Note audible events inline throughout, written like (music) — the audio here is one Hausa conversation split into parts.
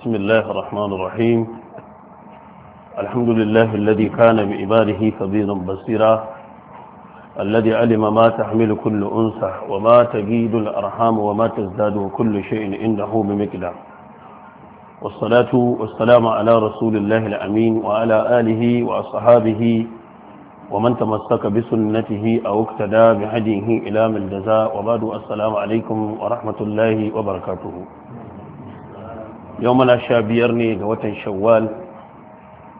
بسم الله الرحمن الرحيم الحمد لله الذي كان بإباده خبيرا بصيرا الذي علم ما تحمل كل أنثى وما تجيد الأرحام وما تزداد كل شيء إنه بمقدار والصلاة والسلام على رسول الله الأمين وعلى آله وأصحابه ومن تمسك بسنته أو اقتدى بهديه إلى من جزاء وبعد السلام عليكم ورحمة الله وبركاته yau mana sha biyar ne ga watan shawwal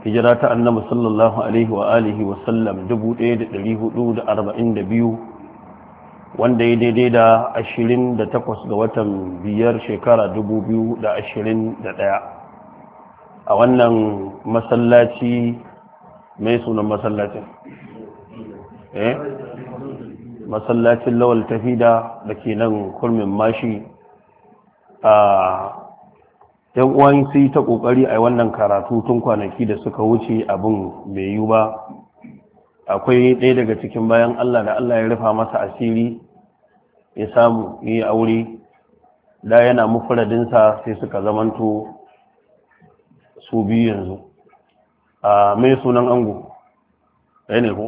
hijira ta annabi sallallahu alaihi wa alihi wa sallam 1442 wanda ya daidai da 28 ga watan biyar shekara 2021 a wannan masallaci mai sunan masallacin eh masallacin lawal tafida da ke nan kurmin mashi a yan uwan su yi ta kokari a wannan karatu tun kwanaki da suka wuce abin bai yi ba akwai ɗaya daga cikin bayan Allah da Allah ya rufa masa asiri ya samu yi aure da yana mufuradinsa sai suka zamanto su biyu yanzu a mai sunan ango ɗaya ne ko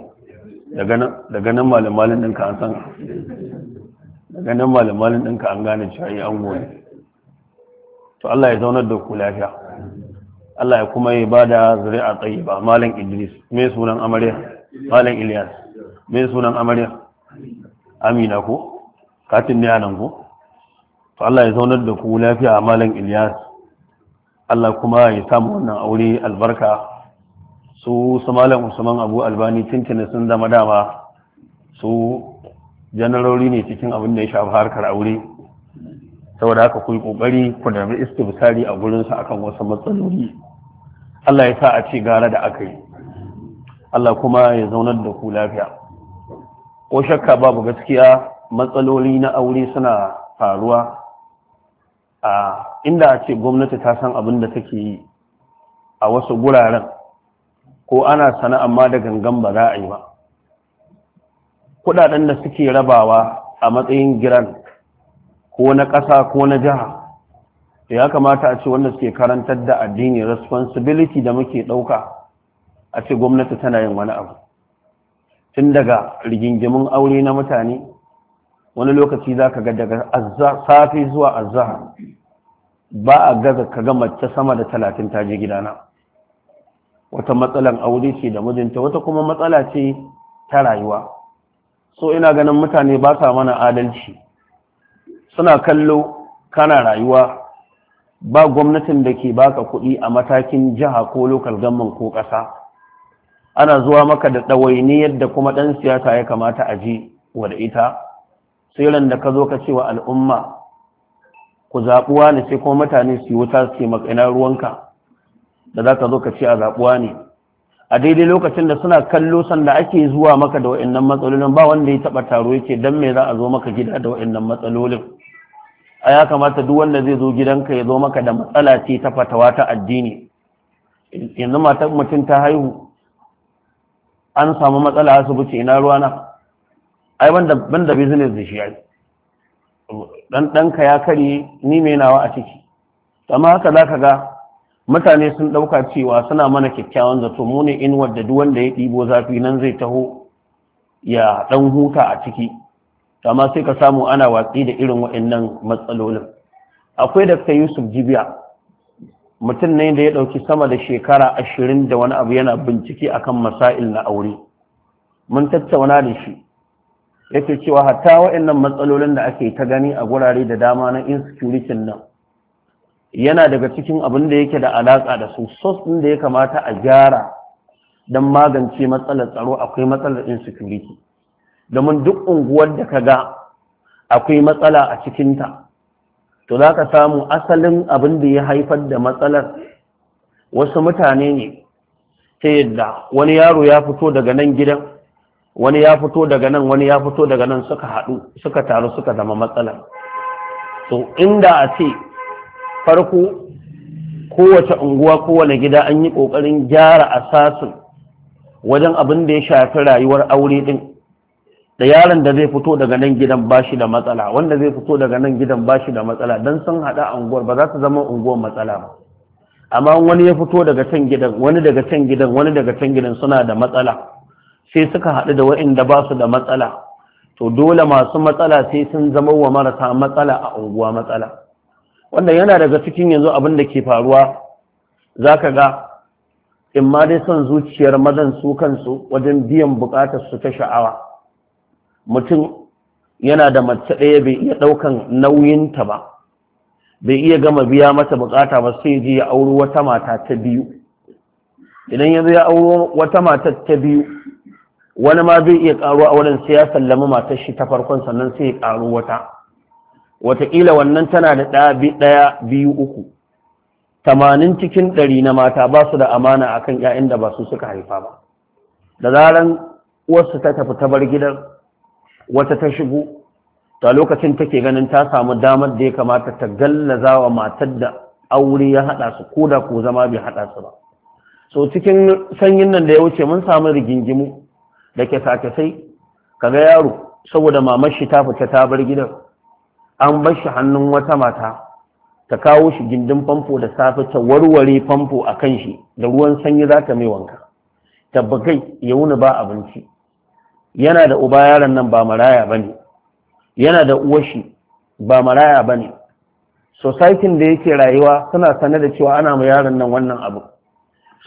daga nan malin ɗinka an san daga nan malin ɗinka an gane cewa yi ango ne to Allah ya zaunar da ku lafiya Allah ya kuma yi bada zuri'a tsayiba malin Idris mai sunan amarya malam Ilyas me sunan amarya Amina ku, katin ne anan ku? to Allah ya zaunar da ku lafiya malam Ilyas Allah kuma ya samu wannan aure albarka su su malam usman abu albani tintini sun zama dama su janarori ne cikin abin da ya shafi harkar aure saboda haka ku yi kokari ku nemi istibsari a gurin sa akan wasu matsaloli Allah ya sa a ci gara da aka yi Allah kuma ya zaunar da ku lafiya ko shakka babu gaskiya matsaloli na aure suna faruwa a inda a ce gwamnati ta san abin da take yi a wasu guraren ko ana sana amma da gangan ba za a yi ba kudaden da suke rabawa a matsayin giran ko na ƙasa ko na jiha ya kamata a ce wanda suke karantar da addini responsibility da muke ɗauka a ce gwamnati tana yin wani abu tun daga rigingimin aure na mutane wani lokaci za ka ga daga safi zuwa azahar ba a gaza ka ga mace sama da talatin ta je gidana wata matsalan aure ce da mijinta wata kuma matsala ce ta rayuwa so ina ganin mutane ba sa mana adalci suna kallo kana rayuwa ba gwamnatin da ke baka kuɗi a matakin jiha ko lokal gamman ko ƙasa ana zuwa maka da ɗawaini yadda kuma ɗan siyasa ya kamata a ji wa da ita sai ran da ka zo ka ce wa al'umma ku zaɓuwa ne sai kuma mutane su yi wuta su ke ina ruwanka da za ka zo ka ce a zaɓuwa ne a daidai lokacin da suna kallo sanda ake zuwa maka da wa'annan matsalolin ba wanda ya taɓa taro yake don me za a zo maka gida da wa'annan matsalolin a ya kamata duk wanda zai zo gidanka ya zo maka da matsala ce ta fatawa ta addini yanzu mata mutum ta haihu an samu matsala asibiti ina ruwa na? ai ban da business da shi ai dan danka ya kare ni mai nawa a ciki amma haka zaka ga mutane sun dauka cewa suna mana kyakkyawan zato mu ne in wanda duk wanda ya ɗibo zafi nan zai taho ya dan huta a ciki amma sai ka samu ana watsi da irin waɗannan matsalolin akwai da yusuf jibiya mutum ne da ya ɗauki sama da shekara ashirin da wani abu yana bincike akan masail na aure mun tattauna da shi yake cewa hatta waɗannan matsalolin da ake ta gani a gurare da dama na insecurity nan yana daga cikin abin da yake da alaƙa da su sos ɗin da ya kamata a gyara don magance matsalar tsaro akwai matsalar insecurity domin duk unguwar da ka ga akwai matsala a cikinta to za ka samu asalin abin da ya haifar da matsalar wasu mutane ne ta yadda wani yaro ya fito daga nan gidan wani ya fito daga nan wani ya fito daga nan suka haɗu suka taru suka zama matsalar to inda a ce farko kowace unguwa kowane gida an yi ƙoƙarin gyara asasin wajen abin da ya shafi rayuwar aure ɗin da yaron da zai fito daga nan gidan bashi da matsala wanda zai fito daga nan gidan bashi da matsala dan sun hada unguwar ba za ta zama unguwar matsala ba amma wani ya fito daga can gidan wani daga can gidan wani daga can gidan suna da matsala sai suka hadu da waɗanda ba su da matsala to dole masu matsala sai sun zama wa marasa matsala a unguwa matsala wanda yana daga cikin yanzu abin da ke faruwa za ka ga in ma dai son zuciyar mazan su kansu wajen biyan bukatar su ta sha'awa mutum yana da mace ɗaya bai iya ɗaukan nauyinta ba bai iya gama biya mata bukata ba sai je ya auro wata mata ta biyu idan yanzu ya auro wata mata ta biyu wani ma zai iya ƙaro auren sai ya sallami matar shi ta farkon sannan sai ya ƙaro wata wataƙila wannan tana da ɗaya biyu uku tamanin cikin ɗari na mata ba su da amana akan 'ya'yan da ba su suka haifa ba da zaran uwarsu ta tafi ta bar gidan wata ta shigo ta lokacin take ganin ta samu damar da ya kamata ta gallaza wa matar da aure ya haɗa su ko da ko zama bai haɗa su ba so cikin sanyin nan da ya wuce mun samu rigingimu da ke sake sai kaga yaro saboda mamar shi ta fita ta bar gidan an bar shi hannun wata mata ta kawo shi gindin famfo da safe ta warware famfo a kan shi da ruwan sanyi za ta mai wanka tabbakai ya wuni ba abinci yana da uba yaron nan ba maraya ba yana da uwashi ba maraya ba ne sosaitin da yake rayuwa suna sane da cewa ana ma yaron nan wannan abu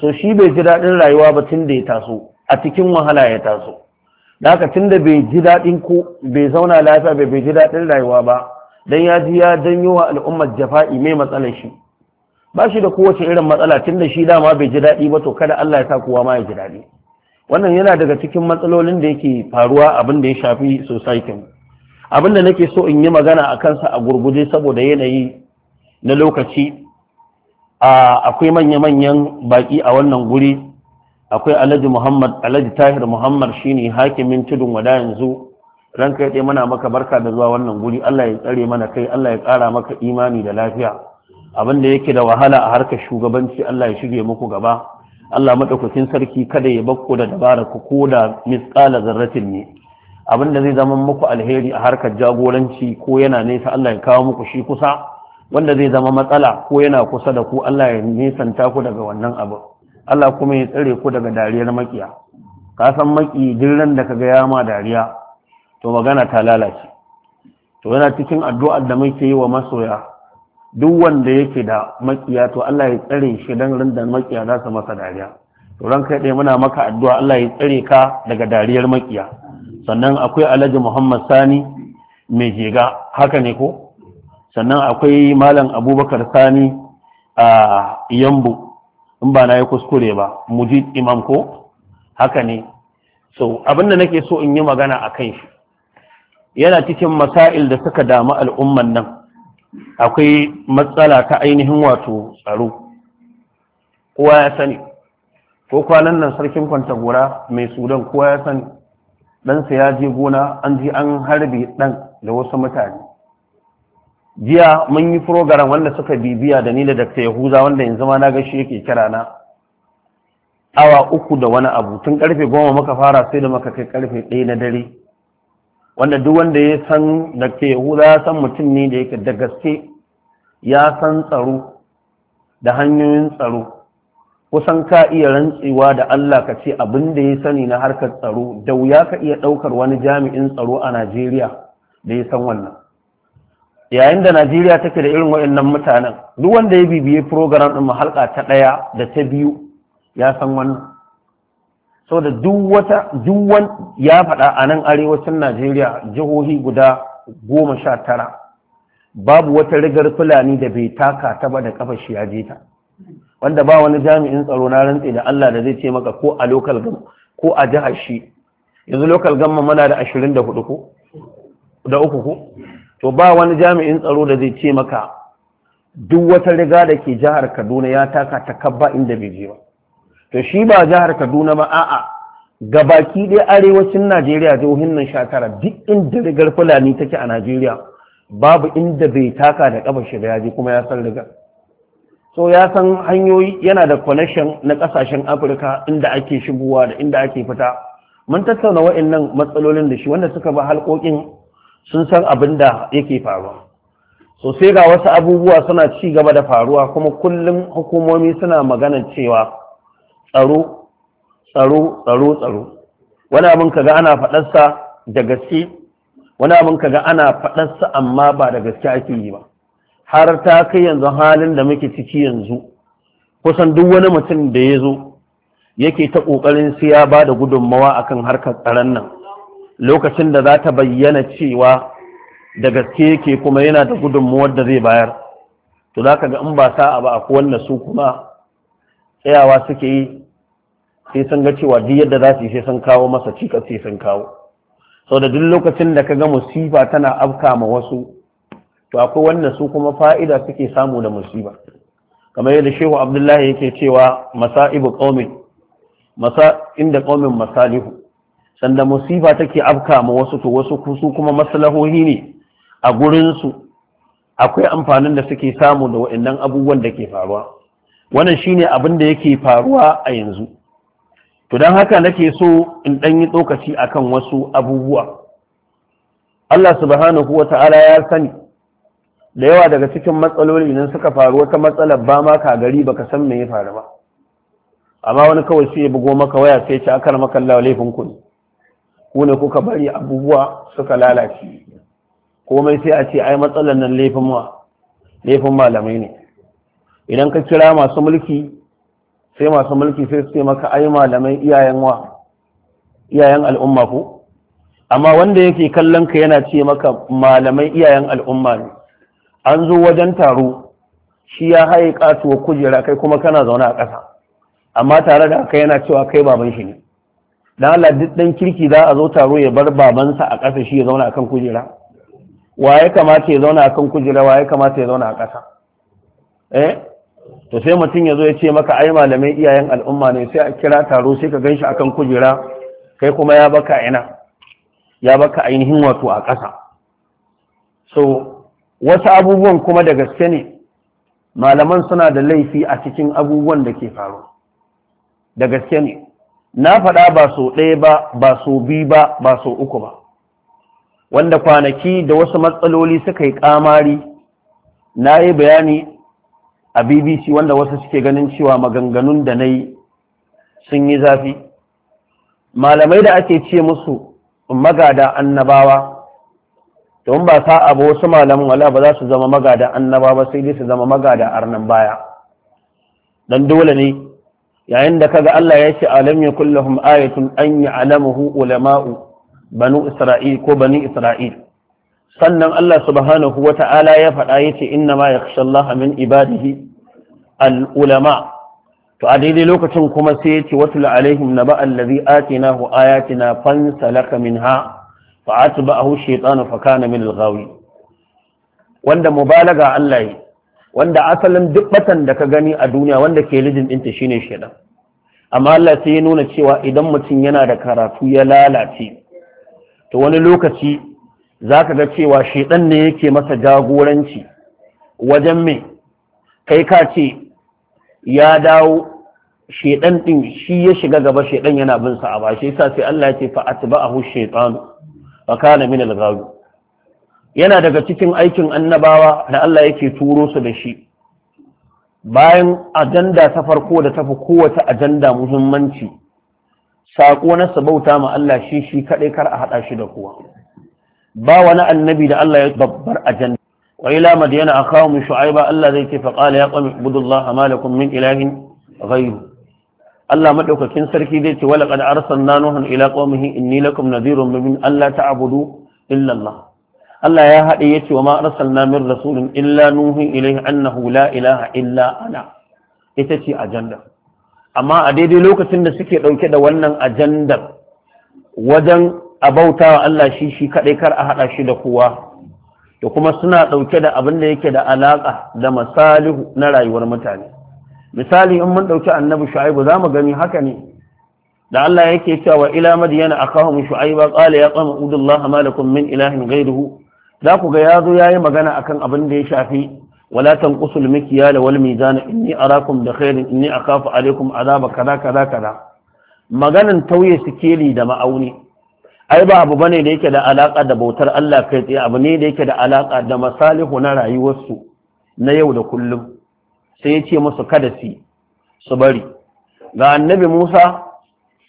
so shi bai ji daɗin rayuwa ba tun da ya taso a cikin wahala ya taso da haka tun da bai ji daɗin ko bai zauna lafiya bai bai ji daɗin rayuwa ba dan ya ji ya janyo wa al'ummar jafa'i mai matsalar shi ba shi da kowace irin matsala tun da shi dama bai ji daɗi ba to kada Allah ya sa kowa ma ya ji daɗi wannan yana daga cikin matsalolin da yake faruwa abin da ya shafi society abin da nake so in yi magana a kansa a gurguje saboda yanayi na lokaci akwai manya-manyan baki a wannan guri akwai alhaji muhammad alhaji tahir muhammad shine hakimin tudun wada yanzu kai dai mana maka barka da zuwa wannan guri allah ya tsare mana kai allah ya ƙara maka imani da lafiya abin da yake da wahala a harkar shugabanci allah ya shige muku gaba Allah madaukakin sarki kada ya bakko da dabara ku ko da misqala zarratin ne abin da zai zama muku alheri a harkar jagoranci ko yana nesa Allah ya kawo muku shi kusa wanda zai zama matsala ko yana kusa da ku Allah ya nisanta ku daga wannan abu Allah kuma ya tsare ku daga dariyar makiya ka san maki jirran da kaga ya ma dariya to magana ta lalace to yana cikin addu'ar da muke yi wa masoya duk wanda yake da makiya to Allah ya tsare shi dan rinda makiya za su masa dariya to ran kai dai muna maka addu'a Allah ya tsare ka daga dariyar makiya sannan akwai Alhaji Muhammad Sani mai jega haka ne ko sannan akwai Malam Abubakar Sani a Yambu in ba na yi kuskure ba mujid imam ko haka ne so abin da nake so in yi magana a kan shi yana cikin masail da suka damu al'umman nan akwai matsala ta ainihin wato tsaro kowa ya sani ko kwanan nan sarkin kwantagora mai sudan kowa ya sani ɗansa ya je gona an ji an harbe ɗan da wasu mutane jiya mun yi program wanda suka bibiya da ni da dakta yahuza wanda yanzu ma na ga shi yake kira na awa uku da wani abu tun karfe goma muka fara sai da muka kai karfe ɗaya na dare wanda duk wanda ya san da ke yahuda san mutum ne da yake da gaske ya san tsaro da hanyoyin tsaro kusan ka iya rantsewa da Allah ka ce abin da ya sani na harkar tsaro da wuya ka iya ɗaukar wani jami'in tsaro a Najeriya da ya san wannan yayin da Najeriya take da irin waɗannan mutanen duk wanda ya bibiye program ɗin halka ta ɗaya da ta biyu ya san wannan saboda duk wata duk ya faɗa a nan arewacin Najeriya jihohi guda goma sha tara babu wata rigar fulani da bai taka ta ba da kafa shi ya ta wanda ba wani jami'in tsaro na rantse da Allah da zai ce maka ko a local gam ko a jihar shi yanzu local gamma muna da 24 ko da uku ko to ba wani jami'in tsaro da zai ce maka duk wata riga da ke jihar Kaduna ya taka ta kabba inda bai je ba to shi ba jihar kaduna ba a'a ga baki ɗaya arewacin najeriya jihohin nan shakara duk inda rigar fulani take a najeriya babu inda bai taka da kaba shi da yaji kuma ya san rigar so ya san hanyoyi yana da connection na ƙasashen afirka inda ake shigowa da inda ake fita mun tattauna wa'annan matsalolin da shi wanda suka ba halkokin sun san abin da yake faruwa so sai ga wasu abubuwa suna ci gaba da faruwa kuma kullum hukumomi suna magana cewa tsaro tsaro tsaro tsaro wani abin kaga ana faɗarsa da gaske wani abin kaga ana faɗarsa amma ba da gaske ake yi ba har ta kai yanzu halin da muke ciki yanzu kusan duk wani mutum da ya zo yake ta ƙoƙarin sai ya ba da gudunmawa kan harkar tsaron nan lokacin da za ta bayyana cewa da gaske yake kuma yana da gudunmawar da zai bayar to za ka ga in ba sa'a ba a kowanne su kuma tsayawa suke yi sai sun ga cewa duk yadda za su yi sai sun kawo masa cikas sai sun kawo sau da duk lokacin da ka ga musifa tana afka ma wasu to akwai wanda su kuma fa'ida suke samu da musiba kamar yadda shehu abdullahi yake cewa masa'ibu qaumin masa inda qaumin masalihu sanda musiba take afka ma wasu to wasu su kuma maslahohi ne a gurin su akwai amfanin da suke samu da waɗannan abubuwan da ke faruwa wannan shine abin da yake faruwa a yanzu to don haka nake so in ɗan yi tsokaci akan wasu abubuwa Allah subhanahu wa ta'ala ya sani da yawa daga cikin matsaloli idan suka faru wata matsalar ba ma ka gari baka san me ya faru ba amma wani kawai sai ya bugo maka waya sai ce akar maka Allah laifin ku ne ku ne kuka bari abubuwa suka lalace komai sai a ce ai matsalar nan laifin ma laifin malamai ne idan ka kira masu mulki sai masu mulki sai su maka ai malamai iyayen wa iyayen al'umma ko amma wanda yake kallon ka yana ce maka malamai iyayen al'umma ne an zo wajen taro shi ya haye katuwa kujera kai kuma kana zaune a ƙasa amma tare da haka yana cewa kai baban shi ne dan Allah duk dan kirki za a zo taro ya bar babansa a ƙasa shi ya zauna akan kujera wa kamata ya zauna akan kujera wa ya kamata ya zauna a ƙasa eh to sai mutum ya zo ya ce maka ai malamai iyayen al'umma ne sai a kira taro sai ka ganshi akan kujera kai kuma ya baka ina ya baka ainihin wato a ƙasa so wasu abubuwan kuma da gaske ne malaman suna da laifi a cikin abubuwan da ke faru da gaske ne na faɗa ba so ɗaya ba ba so biyu ba ba so uku ba wanda kwanaki da wasu matsaloli suka yi ƙamari na yi bayani a bbc wanda wasu suke ganin cewa maganganun da na yi sun yi zafi malamai da ake ce musu magada annabawa don ba sa abu wasu malamin wala ba za su zama magada annabawa sai dai su zama magada arnan baya don dole ne yayin da kaga Allah ya ce alam ya kullum ayatun an yi alamuhu ulama'u banu isra'il ko bani isra'il sannan Allah subhanahu wa ta'ala ya faɗa ya ce inna ma ya Allah min ibadihi al'ulama to a daidai lokacin kuma sai ya ce wasu la'alaihim na ba allazi atina hu ayatina fansa laka min ha fa'atu ba a hushe tsanu fakana min alghawi wanda mubalaga Allah yi wanda asalin duk batan da ka gani a duniya wanda ke lijin ɗinta shine shaidan amma Allah sai ya nuna cewa idan mutum yana da karatu ya lalace to wani lokaci za ka ga cewa shaidan ne yake masa jagoranci wajen mai kai ka ce ya dawo shaidan ɗin shi ya shiga gaba shaidan yana bin sa a ba shi yasa sai Allah ya ce fa atba'ahu ba kana min al yana daga cikin aikin annabawa da Allah yake turo su da shi bayan ajanda ta farko da tafi kowace ajanda muhimmanci sako na sabauta ma Allah shi shi kadai kar a haɗa shi da kowa ba wani annabi da Allah ya babbar ajanda wa ila madyana akahum shu'aiba Allah zai ce fa qala ya qawmi ibudullaha ma lakum min ilahin ghayru Allah madaukakin sarki zai ce walaqad arsalna nuhan ila in ni lakum nadhirun mubin Allah ta abudu. Allah Allah ya hade ce wa ma arsalna min rasulin illa nuhi ilayhi annahu la ilaha illa ana ita ce ajanda amma a daidai lokacin da suke dauke da wannan ajandar wajen a bauta wa Allah shi shi kaɗai kar a haɗa shi da kowa da kuma suna ɗauke da abin da yake da alaƙa da misalihu na rayuwar mutane misali in mun ɗauki annabi shu'aibu za mu gani haka ne da Allah yake cewa ila madiyana akahum shu'aiba qala ya qama udullaha ma lakum min ilahin ghayruhu za ku ga yazo yayi magana akan abin da ya shafi wala tanqusul mikyala wal mizana inni arakum da khairin inni akhafu alaikum azaba kaza kaza kaza maganan tauye sikeli da ma'auni ai ba abu bane da yake da alaka da bautar Allah kai tsaye abu ne da yake da alaka da masalihu na rayuwarsu na yau da kullum sai ya ce musu kada su su bari ga annabi Musa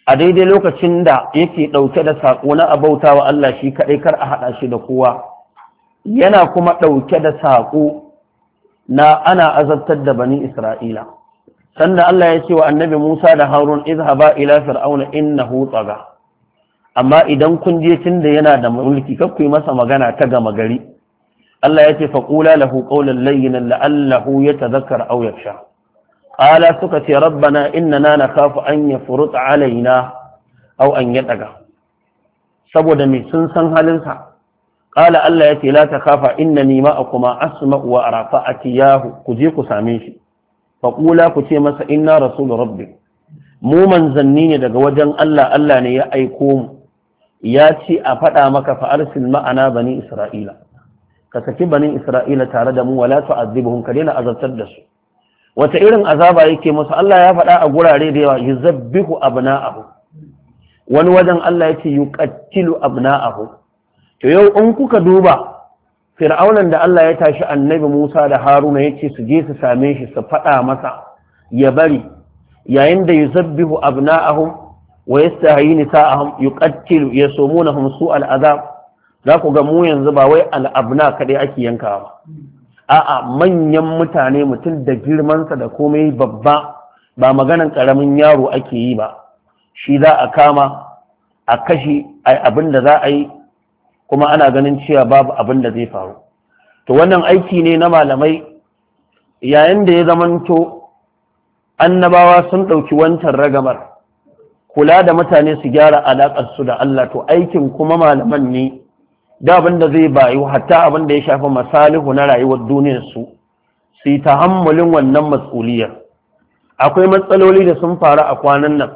a daidai lokacin da yake dauke da sako na abauta wa Allah shi kadai kar a hada shi da kowa yana kuma dauke da sako na ana azabtar da bani Isra'ila sanda Allah ya ce wa annabi Musa da Harun izhaba ila fir'auna innahu tagha amma idan kun je tun da yana da mulki kar ku yi masa magana ta gama gari Allah ya ce faqula lahu qawlan layyinan la'allahu yatadhakkar aw yakhsha qala suka ce rabbana innana nakhafu an yafrut alaina aw an yadaga saboda me sun san halinsa qala Allah ya ce la takhafa innani ma'akuma asma'u wa ara fa'atiyahu ku je ku same shi faƙula ku ce masa inna rasul rabbi mu manzanni ne daga wajen Allah Allah ne ya aiko mu ya ce a faɗa maka fa'arsin ma'ana bani isra'ila ka saki bani isra'ila tare da mu wala hun kare na azabtar da su wata irin azaba yake masu Allah ya faɗa a gurare da yawa na ahu wani wajen Allah yake yuqattilu ahu to yau in kuka duba fir'aunan da Allah ya tashi annabi Musa da Haruna ya ce su je su same shi su faɗa masa ya bari yayin da yuzabbihu ahu wa yastahi nisa'ahum yuqattilu yasumunahum su'al azab za ku ga mu yanzu ba wai al'abna kadai ake yankawa ba a'a manyan mutane mutum da girmansa da komai babba ba maganan karamin yaro ake yi ba shi za a kama a kashi abin da za a yi kuma ana ganin cewa babu abin da zai faru to wannan aiki ne na malamai yayin da ya zamanto annabawa sun ɗauki wancan ragamar kula da mutane su gyara alaƙar su da Allah to aikin kuma malaman ne da abin da zai bayu hatta abin da ya shafi masalihu na rayuwar duniyar su su yi tahammulin wannan mas'uliyar akwai matsaloli da sun faru a kwanan nan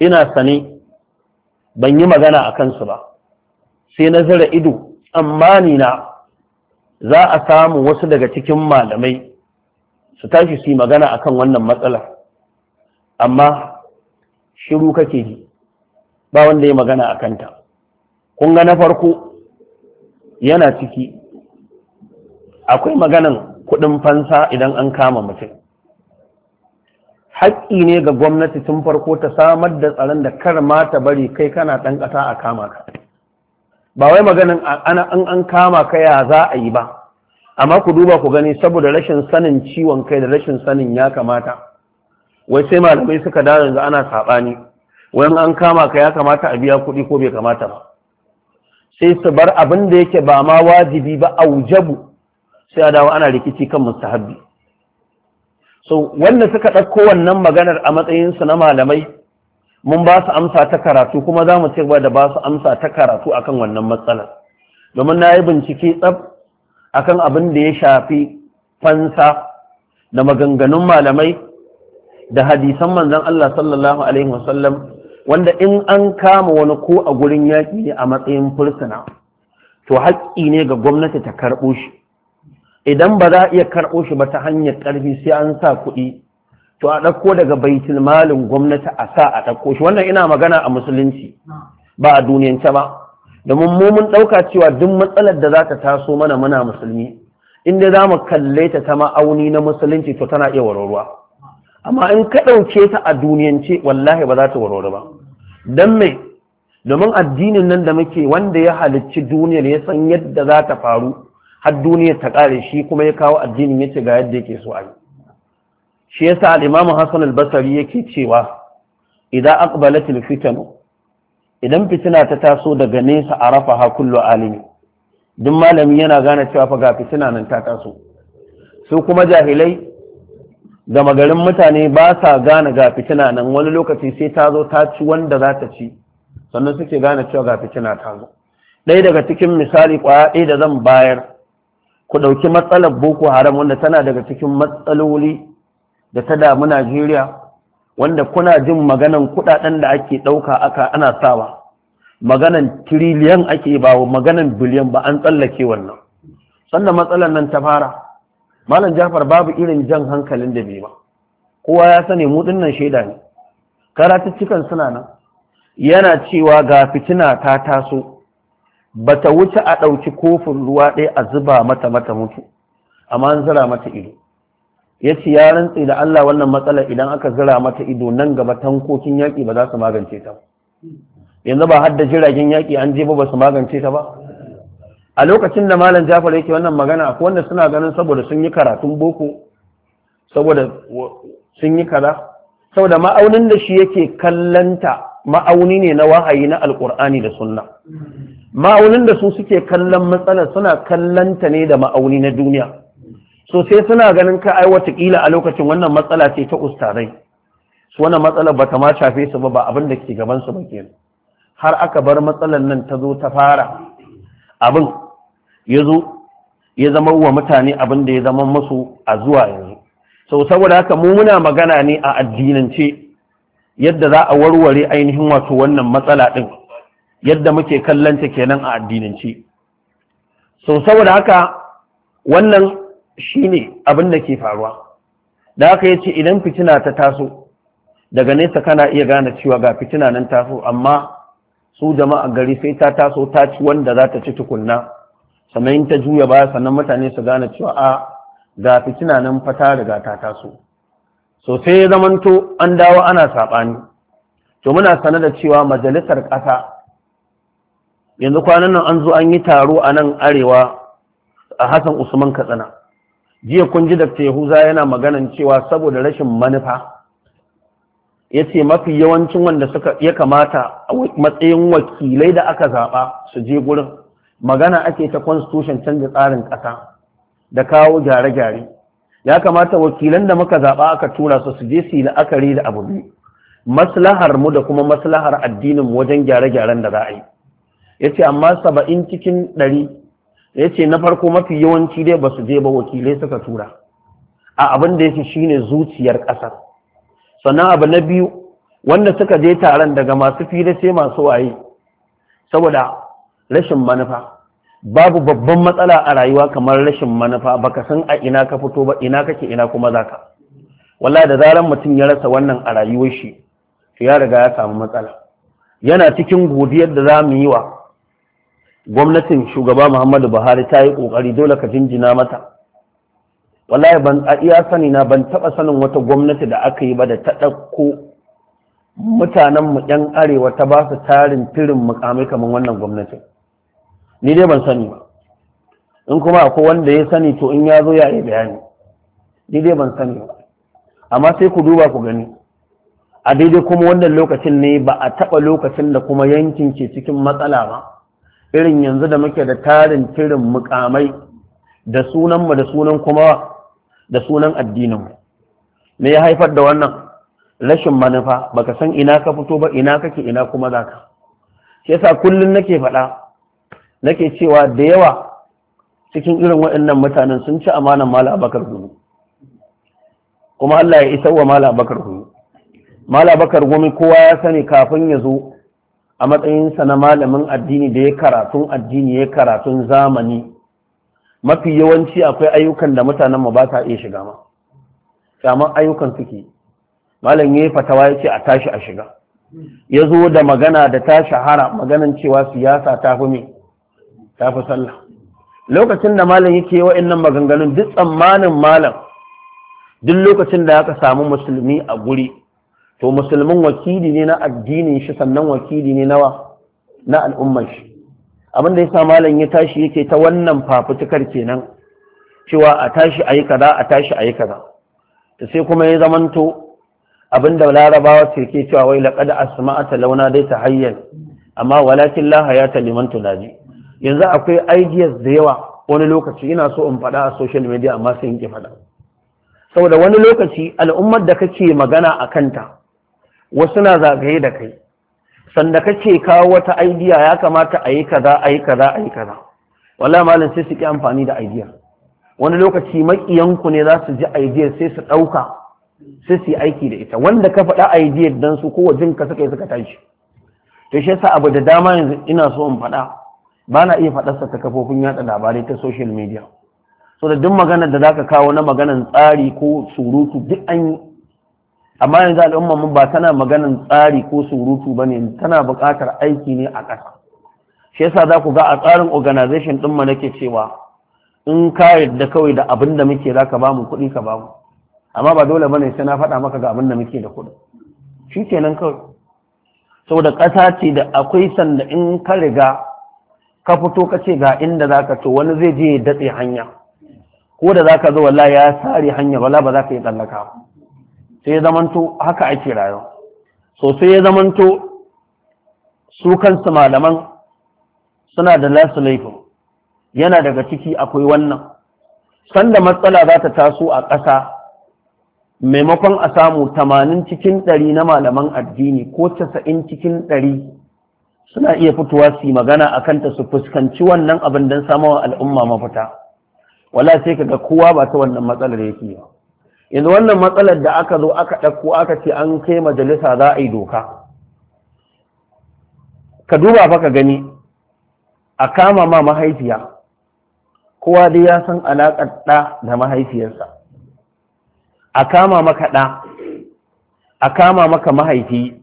ina sane ban yi magana a kansu ba sai na zira ido amma ni na za a samu wasu daga cikin malamai su tashi su yi magana akan wannan matsalar amma shiru kake ji ba wanda ya magana a kanta kun ga na farko yana ciki akwai maganan kuɗin fansa idan an kama mutum haƙƙi ne ga gwamnati tun farko ta samar da tsaron da kar ma ta bari kai kana ɗan ƙasa a kama ka ba wai maganin ana an an kama ka ya za a yi ba amma ku duba ku gani saboda rashin sanin ciwon kai da rashin sanin ya kamata wai sai malamai suka dawo yanzu ana saɓani wani an kama ka ya kamata a biya kuɗi ko bai kamata ba sai su bar abin da yake ba ma wajibi ba a wujabu sai a dawo ana rikici kan mustahabbi so wanda suka ɗauko wannan maganar a matsayinsu na malamai mun ba su amsa ta karatu kuma za mu ce ba da ba su amsa ta karatu akan wannan matsalar domin na yi bincike tsab akan abin da ya shafi fansa da maganganun malamai da hadisan manzon Allah sallallahu alaihi wasallam wanda in an kama wani ko a gurin yaƙi ne a matsayin fursuna to haƙƙi ne ga gwamnati ta karɓo shi idan ba za a iya karɓo shi ba ta hanyar ƙarfi sai an sa kuɗi to a ɗauko daga baitul malin gwamnati a sa a ɗauko shi wannan ina magana a musulunci ba a duniyance ba domin mu mun ɗauka cewa duk matsalar da za ta taso mana muna musulmi inda za mu kalle ta ta ma'auni na musulunci to tana iya warwarwa amma in ka ɗauke ta a duniyance wallahi ba za ta warware ba don mai domin addinin nan da muke wanda ya halicci duniyar ya san yadda za ta faru har duniyar ta ƙare shi kuma ya kawo addinin ya ce ga yadda yake so a yi shi yasa al'imamu hassan basari yake cewa idan aqbalatil fitanu idan fitina ta taso daga nesa a rafa ha alimi duk malami yana gane cewa fa ga fitina nan ta taso su kuma jahilai gama garin mutane ba sa gane ga fitina nan wani lokaci sai ta zo ta ci wanda za ta ci sannan suke gane cewa ga fitina ta zo ɗaya daga cikin misali ƙwaya ɗaya da zan bayar ku ɗauki matsalar boko haram wanda tana daga cikin matsaloli da ta damu najeriya wanda kuna jin maganan kuɗaɗen da ake ɗauka aka ana sawa maganan tiriliyan ake ba maganan biliyan ba an tsallake wannan sannan matsalar nan ta fara malam jafar babu irin jan hankalin da bai ba kowa ya sani mu dinnan shaida ne karatuccikan suna nan yana cewa ga fitina ta taso bata wuce a ɗauki kofin ruwa ɗaya a zuba mata mata mutu amma an zira mata ido ya ce ya rantse da Allah wannan matsalar idan aka zira mata ido nan gaba tankokin yaƙi ba za su magance ta yanzu ba har jiragen yaƙi an je ba ba su magance ta ba a lokacin da malam jafar yake wannan magana akwai wanda suna ganin saboda sun yi karatun boko saboda sun yi kaza saboda ma'aunin da shi yake kallanta ma'auni ne na wahayi na alkur'ani da sunna ma'aunin da su suke kallon matsalar suna kallanta ne da ma'auni na duniya so sai suna ganin ka ai watakila a lokacin wannan matsala ce ta ustarai su wannan matsalar ba ta ma shafe su ba ba abin da ke gaban su ba kenan har aka bar matsalar nan ta zo ta fara abin ya zo ya zama wa mutane abin da ya zama musu a zuwa yanzu sau saboda haka mu muna magana ne a addinance yadda za a warware ainihin wato wannan matsala ɗin yadda muke kallon kallanta kenan a addinance sau saboda haka wannan shine abin da ke faruwa da haka ya ce idan fitina ta taso daga nesa kana iya gane cewa ga fitina nan taso amma su jama'a gari sai ta taso ta ci wanda za ta ci tukunna sannan in ta juya baya sannan mutane su gane cewa a ga fitina nan fata daga ta taso so sai ya zamanto an dawo ana saɓani to muna sane da cewa majalisar ƙasa yanzu kwanan nan an zo an yi taro a nan arewa a hassan usman katsina jiya kun ji dakta yahuza yana maganan cewa saboda rashin manufa ya ce mafi yawancin wanda suka ya kamata a matsayin wakilai da aka zaɓa su je gurin magana ake ta constitution canza tsarin ƙasa da kawo gyare-gyare ya kamata wakilan da muka zaɓa aka tura su su je su yi la'akari da abu biyu maslahar mu da kuma maslahar addinin wajen gyare-gyaren da za a yi ya ce amma saba'in cikin ɗari ya ce na farko mafi yawanci dai ba su je ba wakilai suka tura a abin da ya fi shine zuciyar ƙasar sannan abu na biyu wanda suka je taron daga masu fili sai masu waye saboda rashin manufa babu babban matsala a rayuwa kamar rashin manufa baka san a ina ka fito ba ina kake ina kuma zaka wallahi da zaran mutum ya rasa wannan a rayuwar shi to ya riga ya samu matsala yana cikin godiyar da zamu yi wa gwamnatin shugaba Muhammadu Buhari ta yi kokari dole ka jinjina mata wallahi ban a iya sani na ban taba sanin wata gwamnati da aka yi ba da ta dauko mutanen mu yan arewa ta ba su tarin firin mukamai kamar wannan gwamnatin ni dai ban sani ba in kuma akwai wanda ya sani to in ya zo ya yi bayani ni dai ban sani ba amma sai ku duba ku gani a daidai kuma wannan lokacin ne ba a taɓa lokacin da kuma yankin ke cikin matsala ba irin yanzu da muke da tarin tirin mukamai da sunanmu da sunan kuma da sunan mu me ya haifar da wannan rashin manufa baka san ina ka fito ba ina kake ina kuma zaka shi yasa kullun nake faɗa nake cewa da yawa cikin irin waɗannan mutanen sun ci amanan mala Bakar gumi kuma Allah ya isa wa mala Bakar gumi mala Bakar gumi kowa ya sani kafin ya zo a matsayinsa na malamin addini da ya karatun addini ya karatun zamani mafi yawanci akwai ayyukan da mutanen mu ba ta iya shiga ma kyaman ayyukan suke malam ya yi fatawa ya ce a tashi a shiga ya zo da magana da ta shahara maganan cewa siyasa ta fi mai ta fi sallah lokacin da malam yake wa innan maganganun duk tsammanin malam duk lokacin da aka samu musulmi a guri to musulmin wakili ne na addinin shi sannan wakili ne nawa na al'ummar shi abin da yasa malam ya tashi yake ta wannan fafutukar kenan cewa a tashi ayi kaza a tashi ayi kaza to sai kuma ya zamanto abin da larabawa ke cewa wai asma'a ta launa dai ta hayyan amma walakin la hayata liman tunaji yanzu akwai ideas da yawa wani lokaci ina so in faɗa a social media amma sai in faɗa saboda wani lokaci al'ummar da kake magana a kanta wasu na zagaye da kai sanda kake kawo wata idea ya kamata a yi kaza a yi kaza a yi kaza wallahi malam sai su ki amfani da idea wani lokaci makiyanku ne za su ji idea sai su ɗauka sai su yi aiki da ita wanda ka faɗa idea dan su ko wajen ka suka yi suka tashi to shi yasa abu da dama yanzu ina so in faɗa ba na iya faɗarsa ta kafofin yada labarai ta social media so da duk maganar da za ka kawo na maganar tsari ko surutu duk an yi amma yanzu al'umma mun ba tana maganar tsari ko surutu ba ne tana buƙatar aiki ne a ƙasa shi yasa za ku ga a tsarin organization ɗin mu nake cewa in ka yadda kawai da abin da muke za ka ba mu kuɗi ka ba mu amma ba dole bane sai na faɗa maka ga abin da muke da kuɗi shi kenan kawai saboda ƙasa ce da akwai sanda in ka riga ka fito ka ce ga inda za ka to wani zai je ya datse hanya ko da za ka zo wala ya sare hanya wala ba za ka yi tsallaka sai ya zamanto haka ake rayuwa so sai ya zamanto su kansu malaman suna da lasu laifin yana daga ciki akwai wannan sanda matsala za ta taso a ƙasa maimakon a samu tamanin cikin ɗari na malaman addini ko casa'in cikin ɗari suna iya fitowa su magana a kanta su fuskanci wannan abin don samawa al'umma mafita wala sai kaga kowa ba ta wannan matsalar yake ba yanzu wannan matsalar da aka zo aka ɗauko aka ce an kai majalisa za a yi doka ka duba fa ka gani a kama ma mahaifiya kowa dai ya san alaƙar ɗa da mahaifiyarsa a kama maka ɗa a kama maka mahaifi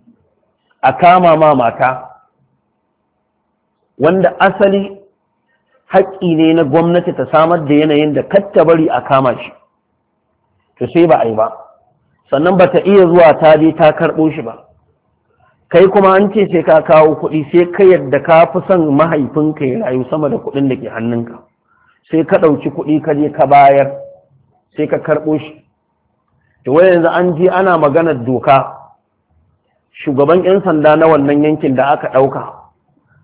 a kama ma mata wanda asali haƙƙi ne na gwamnati ta samar da yanayin da katta bari a kama shi to sai ba a yi ba sannan ba ta iya zuwa ta je ta karɓo shi ba kai kuma an ce sai ka kawo kuɗi sai ka yadda ka fi son mahaifinka ya rayu sama da kuɗin da ke hannunka sai ka ɗauki kuɗi ka je ka bayar sai ka karɓo shi to wai yanzu an je ana maganar doka shugaban 'yan sanda na wannan yankin da aka ɗauka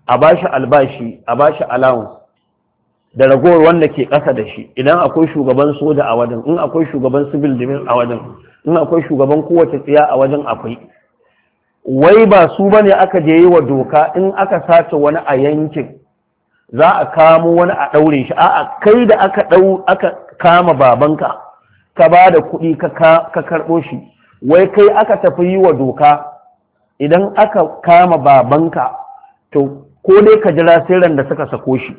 a ba shi albashi a ba shi allowance da ragowar wanda ke ƙasa da shi idan akwai shugaban soja a wajen in akwai shugaban civil dimin a wajen in akwai shugaban kowace tsiya a wajen akwai wai ba su bane aka je yi wa doka in aka sace wani a yankin za a kamo wani a ɗaure shi a'a kai da aka ɗau aka kama babanka ka ba da kuɗi ka karɓo shi wai kai aka tafi yi wa doka idan aka kama babanka to ko dai ka jira sirran da suka sako shi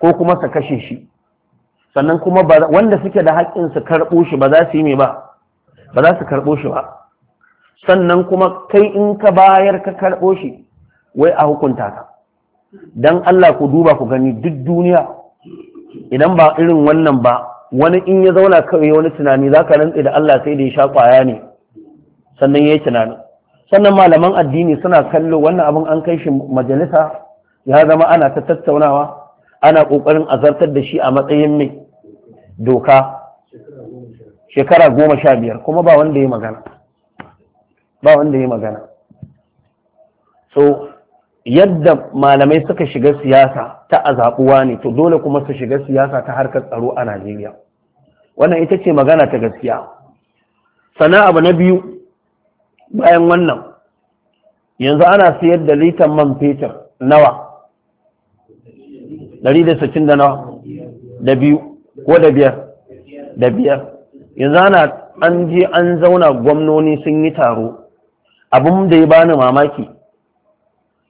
ko kuma su kashe shi sannan kuma wanda suke da haƙƙin su karɓo shi ba za su yi mai ba ba za su karɓo shi ba sannan kuma kai in ka bayar ka karɓo shi wai a hukunta ka dan Allah ku duba ku gani duk duniya idan ba irin wannan ba wani in ya zauna kawai wani tunani za ka rantse da Allah sai da ya sha ƙwaya ne sannan ya yi tunani sannan malaman addini suna kallo wannan abin an kai shi majalisa ya zama ana ta tattaunawa ana ƙoƙarin azartar da shi a matsayin mai doka shekara goma sha biyar kuma ba wanda ya magana ba wanda ya magana so yadda malamai suka shiga siyasa ta azabuwa ne to dole kuma su shiga siyasa ta harkar tsaro a najeriya wannan ita ce magana ta gaskiya sana abu na biyu bayan wannan yanzu ana sayar da litan man fetur nawa ko da biyar da biyar yanzu ana an je an zauna gwamnoni sun yi taro abin da ya bani mamaki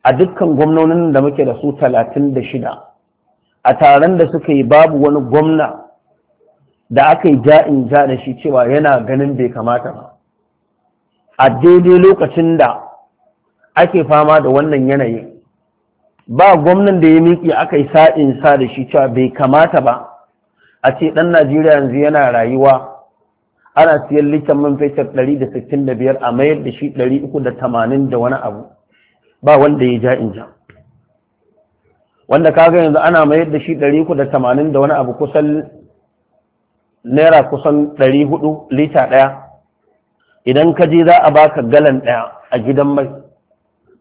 a dukkan gwamnonin da muke da su talatin da shida a taron da suka yi babu wani gwamna da aka yi ja'in ja da shi cewa yana ganin bai kamata ba a daidai lokacin da ake fama da wannan yanayin ba gwamnan da ya miƙi aka yi sa'in sa da shi cewa bai kamata ba a ce ɗan najeriya yanzu yana rayuwa ana siyan litan man fetur 165 a mayar da shi 380 da wani abu ba wanda ya ja in ja wanda kaga yanzu ana mayar da shi 380 da wani abu kusan naira kusan 400 lita ɗaya idan ka je za a baka galan ɗaya a gidan mai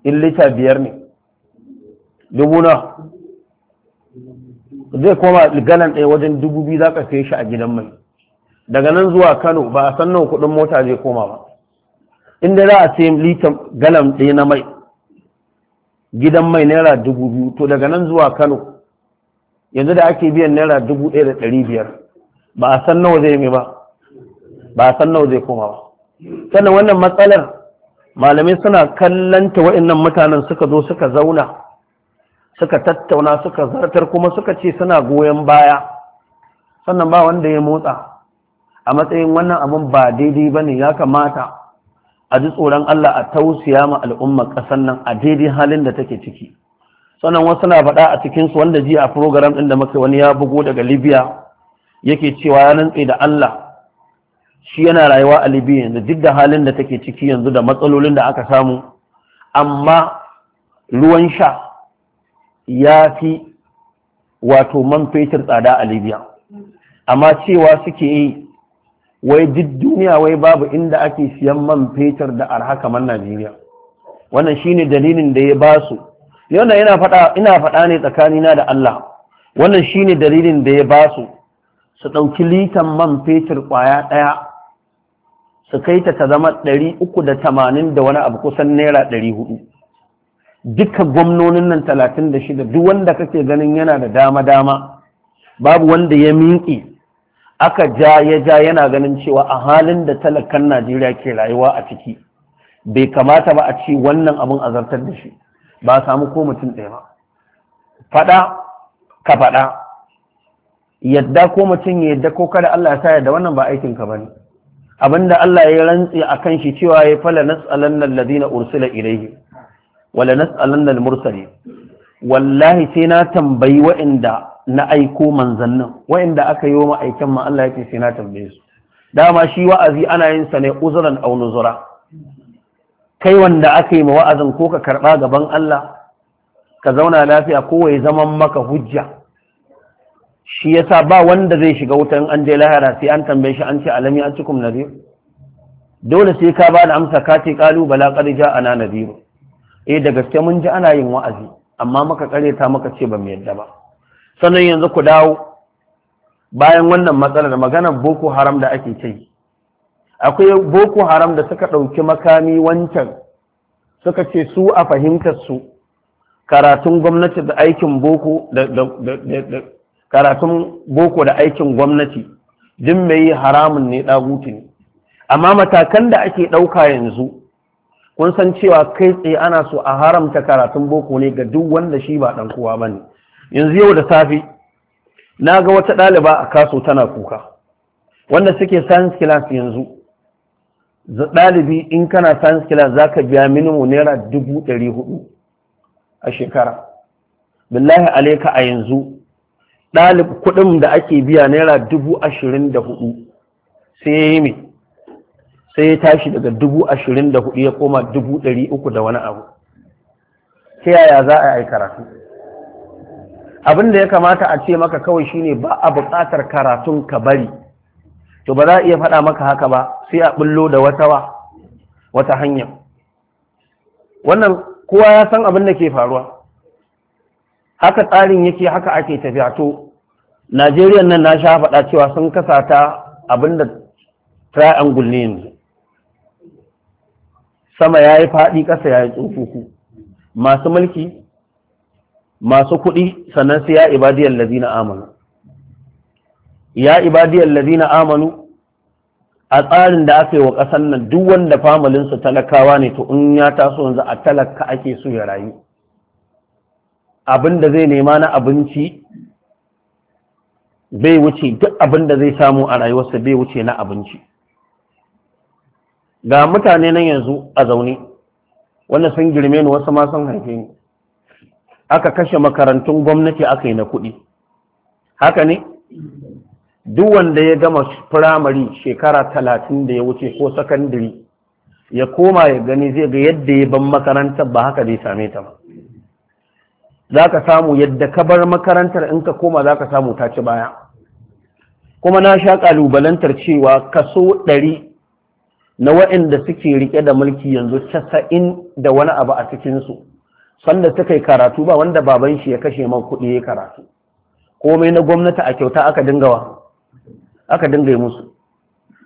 in lita biyar ne Dubuna zai koma galan ɗaya wajen dubu biyu za ka fiye shi a gidan mai daga nan zuwa kano ba a san nawa kuɗin mota zai koma ba inda za a sai lita galan ɗaya na mai gidan mai naira dubu biyu to daga nan zuwa kano yanzu da ake biyan naira dubu ɗaya da ɗari biyar ba a san nawa zai mai ba ba a san nawa zai koma ba sannan wannan matsalar malamai suna kallanta wa'annan mutanen suka zo suka zauna suka tattauna suka zartar kuma suka ce suna goyon baya sannan ba wanda ya motsa a matsayin wannan abin ba daidai ba ne ya kamata a ji tsoron Allah a tausiya ma al'ummar ƙasar nan a daidai halin da take ciki sannan wasu na faɗa a cikinsu wanda ji a program ɗin da maka wani ya bugu daga libya yake cewa ya rantse da Allah shi yana rayuwa a libya yanzu duk da halin da take ciki yanzu da matsalolin da aka samu amma ruwan sha ya fi wato man fetur tsada a libya amma cewa suke yi wai duk duniya wai babu inda ake siyan man fetur da arha kamar najeriya wannan shine dalilin da ya basu yana yana faɗa ina faɗa ne tsakanina da Allah wannan shine dalilin da ya basu su ɗauki litan man fetur ƙwaya ɗaya su kai ta ta zama ɗari uku da tamanin da wani abu kusan naira ɗari hudu duka gwamnonin nan talatin da shida duk wanda kake ganin yana da dama-dama babu wanda ya minki aka ja ya ja yana ganin cewa a halin da talakan najeriya ke rayuwa a ciki bai kamata ba a ce wannan abin a zartar da shi ba a samu ko mutum ɗaya ba faɗa ka faɗa yadda ko mutum ya yadda ko kada Allah ya sa yadda wannan ba aikin ka bane abinda Allah ya rantsi kan shi cewa ya fala nas'alan ladina ursula ilaihi wala nas'alanna al-mursalin wallahi sai na tambayi wa'inda na aiko manzannin wa'inda aka yi wa ma'aikan ma Allah yake sai na tambaye su dama shi wa'azi ana yin sa ne uzran aw kai wanda aka yi ma wa'azin ko ka karba gaban Allah ka zauna lafiya ko ya zaman maka hujja shi yasa ba wanda zai shiga wutan an je lahara sai an tambaye shi an ce alami an cikum nadir dole sai ka ba da amsa ka ce qalu bala qad ja'ana nadir eh da gaske mun ji ana yin wa'azi amma muka ta muka ce ba mu yadda ba sannan yanzu ku dawo bayan wannan matsalar maganar boko haram da ake ce akwai boko haram da suka ɗauki makami wancan suka ce su a fahimtar su karatun gwamnati da aikin boko da karatun boko da aikin gwamnati jin mai haramun ne ɗaguti ne amma matakan da ake ɗauka yanzu kun san cewa kai tsaye ana so a haramta karatun boko ne ga duk wanda shi ba dan kowa bane yanzu yau da safe na ga wata ɗaliba a kaso tana kuka wanda suke science class yanzu ɗalibi in kana science class za ka biya minimum naira dubu ɗari hudu a shekara billahi alaika a yanzu ɗalib kuɗin da ake biya naira dubu ashirin da hudu sai ya yi mai sai ya tashi daga dubu ashirin da hudu ya koma dubu ɗari uku da wani abu ta yaya za a yi karatu abin da ya kamata a ce maka kawai shine ba a buƙatar karatun ka bari to ba za a iya faɗa maka haka ba sai a ɓullo da wata wata hanya wannan kowa ya san abin da ke faruwa haka tsarin yake haka ake tafiya to najeriya nan na sha faɗa cewa sun kasa ta abin da triangle ne sama ya yi faɗi ƙasa ya yi tsofuku masu mulki masu kuɗi sannan sai ya ibadiyar lazina amanu ya ibadiyar lazina amanu a tsarin da aka yi wa ƙasar nan duk wanda famalinsu talakawa ne to in ya taso yanzu a talaka ake so ya rayu abin da zai nema na abinci bai wuce duk abin da zai samu a rayuwarsa bai wuce na abinci ga mutane nan yanzu a zaune wanda sun girme ni wasu ma sun haife ni aka kashe makarantun gwamnati aka yi na kuɗi haka ne duk wanda ya gama firamare shekara talatin da ya wuce ko sakandare ya koma ya gani zai ga yadda ya ban makarantar ba haka zai same ta ba za ka samu yadda ka bar makarantar in ka koma za ka samu ta ci baya kuma na sha ƙalubalantar cewa kaso ɗari na waɗanda suke riƙe da mulki yanzu casa'in da wani abu a cikinsu sanda suka yi karatu ba wanda baban shi ya kashe man kuɗi ya karatu komai na gwamnati a kyauta aka dingawa aka dinga yi musu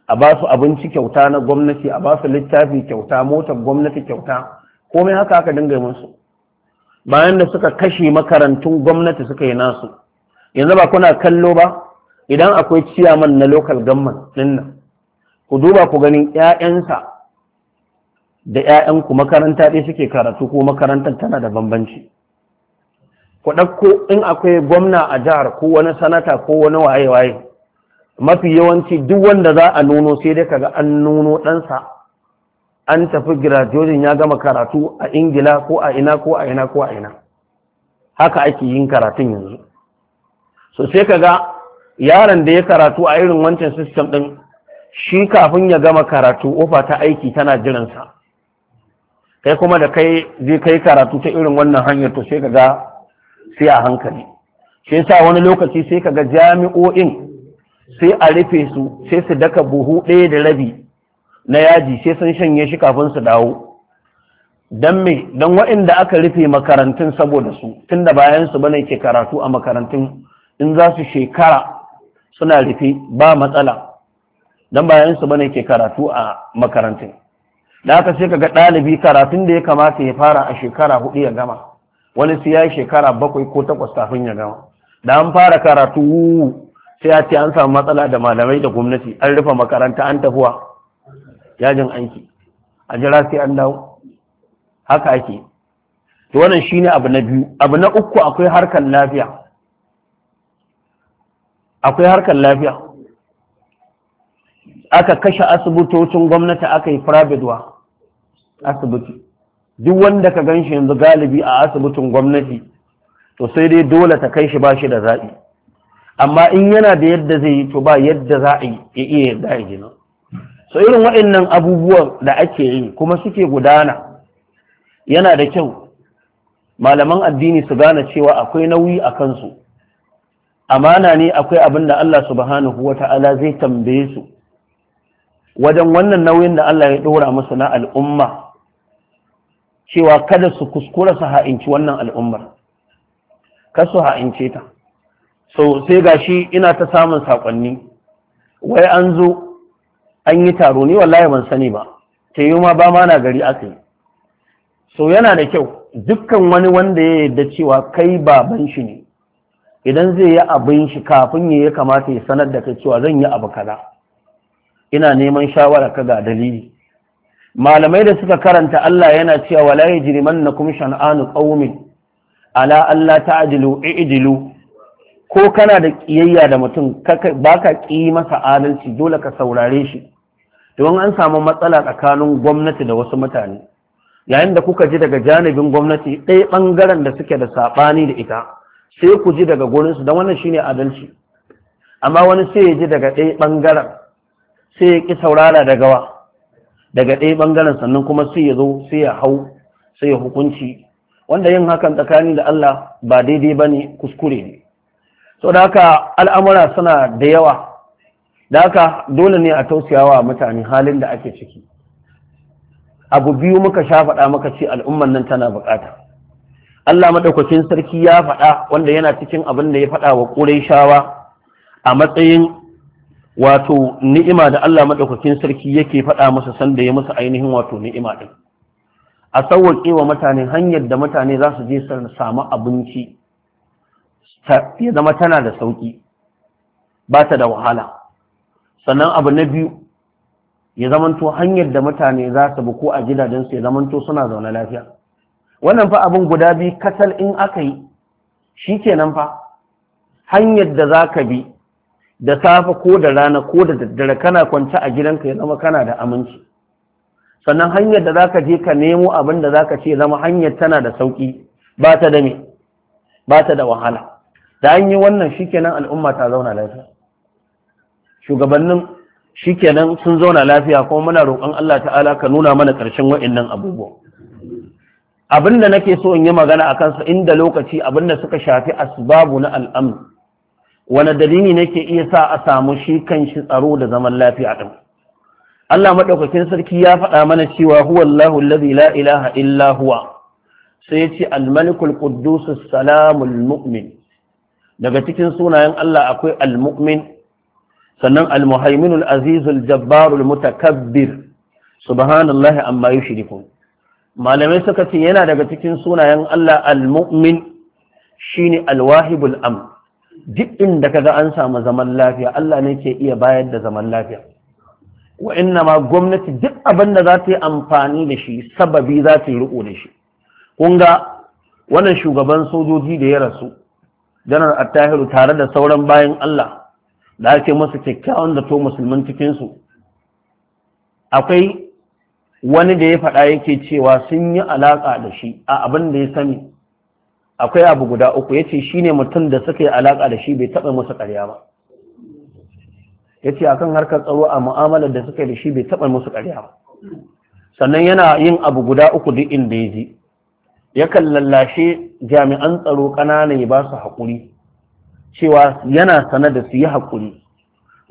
a ba su abinci kyauta na gwamnati a ba su littafi kyauta motar gwamnati kyauta komai haka aka dinga yi musu bayan da suka kashe makarantun gwamnati suka yi nasu yanzu ba kuna kallo ba idan akwai ciyaman na local government ɗin ku duba ku ganin ‘ya'yansa da ‘ya'yanku makaranta ɗaya suke karatu ko makarantar tana da bambanci ku ɗauko in akwai gwamna a jihar ko wani sanata ko wani waye-waye mafi yawanci duk wanda za a nuno sai dai kaga an nuno ɗansa an tafi girajojin ya gama karatu a ingila ko a ina ko a ina ko a ina haka ake yin karatun yanzu so sai kaga yaron da ya karatu a irin wancan system ɗin shi kafin ya gama karatu ofa ta aiki tana jiransa kai kuma da kai zai kai karatu ta irin wannan hanyar to sai ga sai a hankali Sai sa wani lokaci sai kaga jami'o'in sai a rufe su sai su daka buhu ɗaya da rabi na yaji sai sun shanye shi kafin su dawo don me don waɗanda aka rufe makarantun saboda su tun da bayan su bane ke karatu a makarantun in za su shekara suna rufe ba matsala dan bayan su bane ke karatu a makarantun da aka sai kaga ɗalibi karatun da ya kamata ya fara a shekara hudu ya gama wani sai ya yi shekara bakwai ko takwas kafin ya gama da an fara karatu sai ya ce an samu matsala da malamai da gwamnati an rufe makaranta an tafiwa yajin aiki a jira sai an dawo haka ake to wannan shine abu na biyu abu na uku akwai harkar lafiya akwai harkar lafiya aka kashe asibitocin gwamnati aka yi firabidwa asibiti duk wanda ka ganshi yanzu galibi a asibitin gwamnati to sai dai dole ta kai shi ba shi da zaɓi amma in yana da yadda zai yi to ba yadda za a yi iya yadda a gina so irin waɗannan abubuwan da ake yi kuma suke gudana yana da kyau malaman addini su gane cewa akwai nauyi a kansu amana ne akwai abin da Allah subhanahu wa ta'ala zai tambaye su wajen wannan nauyin da Allah ya ɗora musu na al'umma cewa kada su kuskura su ha'inci wannan al'ummar kada su ha'ince ta so sai gashi ina ta samun sakonni wai an zo an yi taro ni wallahi ban sani ba ta yi ma ba ma na gari aka yi so yana da kyau dukkan wani wanda ya yarda cewa kai baban shi ne idan zai yi abin shi kafin ya kamata ya sanar da kai cewa zan yi abu kaza ina neman shawara ka ga dalili malamai da suka karanta Allah yana cewa wala yajrimannakum shan'anu qaumin ala Allah alla ta'dilu i'dilu ko kana da kiyayya da mutum baka ƙi masa adalci dole ka saurare shi don an samu matsala tsakanin gwamnati da wasu mutane yayin da kuka ji daga janibin gwamnati ɗaya ɓangaren da suke da saɓani da ita sai ku ji daga gurinsu don wannan shine adalci amma wani sai ya ji daga ɗaya ɓangaren sai ya ƙi saurara da gawa daga ɗaya ɓangaren sannan kuma sai ya zo sai ya hau sai ya hukunci wanda yin hakan tsakani da Allah ba daidai ba ne kuskure ne sau da haka al'amura suna da yawa da haka dole ne a tausiyawa mutane halin da ake ciki abu biyu muka sha faɗa muka ce al'umman nan tana buƙata Allah maɗaukakin sarki ya faɗa wanda yana cikin abin da ya faɗa wa ƙurai shawa a matsayin wato ni'ima da Allah madaukakin sarki yake faɗa masa sanda ya masa ainihin wato ni'ima ɗin. a sauwaƙe wa mutane hanyar da mutane za su je su samu abinci ya zama tana da sauƙi ba ta da wahala sannan abu na biyu ya zamanto hanyar da mutane za su bi ko a gidajensu ya zamanto suna zaune lafiya wannan fa abin guda biyu kasal in aka yi shi kenan fa hanyar da za ka bi da safe ko da rana ko da daddare kana kwance a gidanka ya zama kana da aminci sannan hanyar da zaka je ka nemo abin da zaka ce zama hanyar tana da sauki ba ta da me ba ta da wahala da an yi wannan shikenan al'umma ta zauna lafiya shugabannin shikenan sun zauna lafiya kuma muna roƙon Allah ta'ala ka nuna mana ƙarshen wa'annan abubuwa abinda nake so in yi magana a kansa inda lokaci abinda suka shafi asbabu na al'amr wani dalili ne ke iya sa a samu shi kan shi tsaro da zaman lafiya ɗin Allah maɗaukakin sarki ya faɗa mana cewa huwa Allahu allazi la ilaha illa huwa sai ya ce al-malikul quddus salamul mu'min daga cikin sunayen Allah akwai al-mu'min sannan al-muhaiminul azizul jabbarul mutakabbir subhanallahi amma yushrikun malamai suka ce yana daga cikin sunayen Allah al-mu'min shine al-wahibul amn duk inda kaga an samu zaman lafiya Allah ne ke iya bayar da zaman lafiya wa inna ma gwamnati duk abin da za ta yi amfani da shi sababi za ta yi riko da shi kun ga wannan shugaban sojoji da ya rasu janar attahiru tare da sauran bayan Allah da ake masa kyakkyawan da to musulmin cikinsu akwai wani da ya faɗa yake cewa sun yi alaƙa da shi a abin da ya sani akwai abu guda uku ya ce shi ne mutum da suka yi alaƙa da shi bai taɓa masa ƙarya ba ya ce a kan harkar tsaro a mu'amalar da suka yi da shi bai taɓa musu ƙarya ba sannan yana yin abu guda uku duk inda ya je yakan lallashe jami'an tsaro ƙanana ya ba su haƙuri cewa yana sane da su yi haƙuri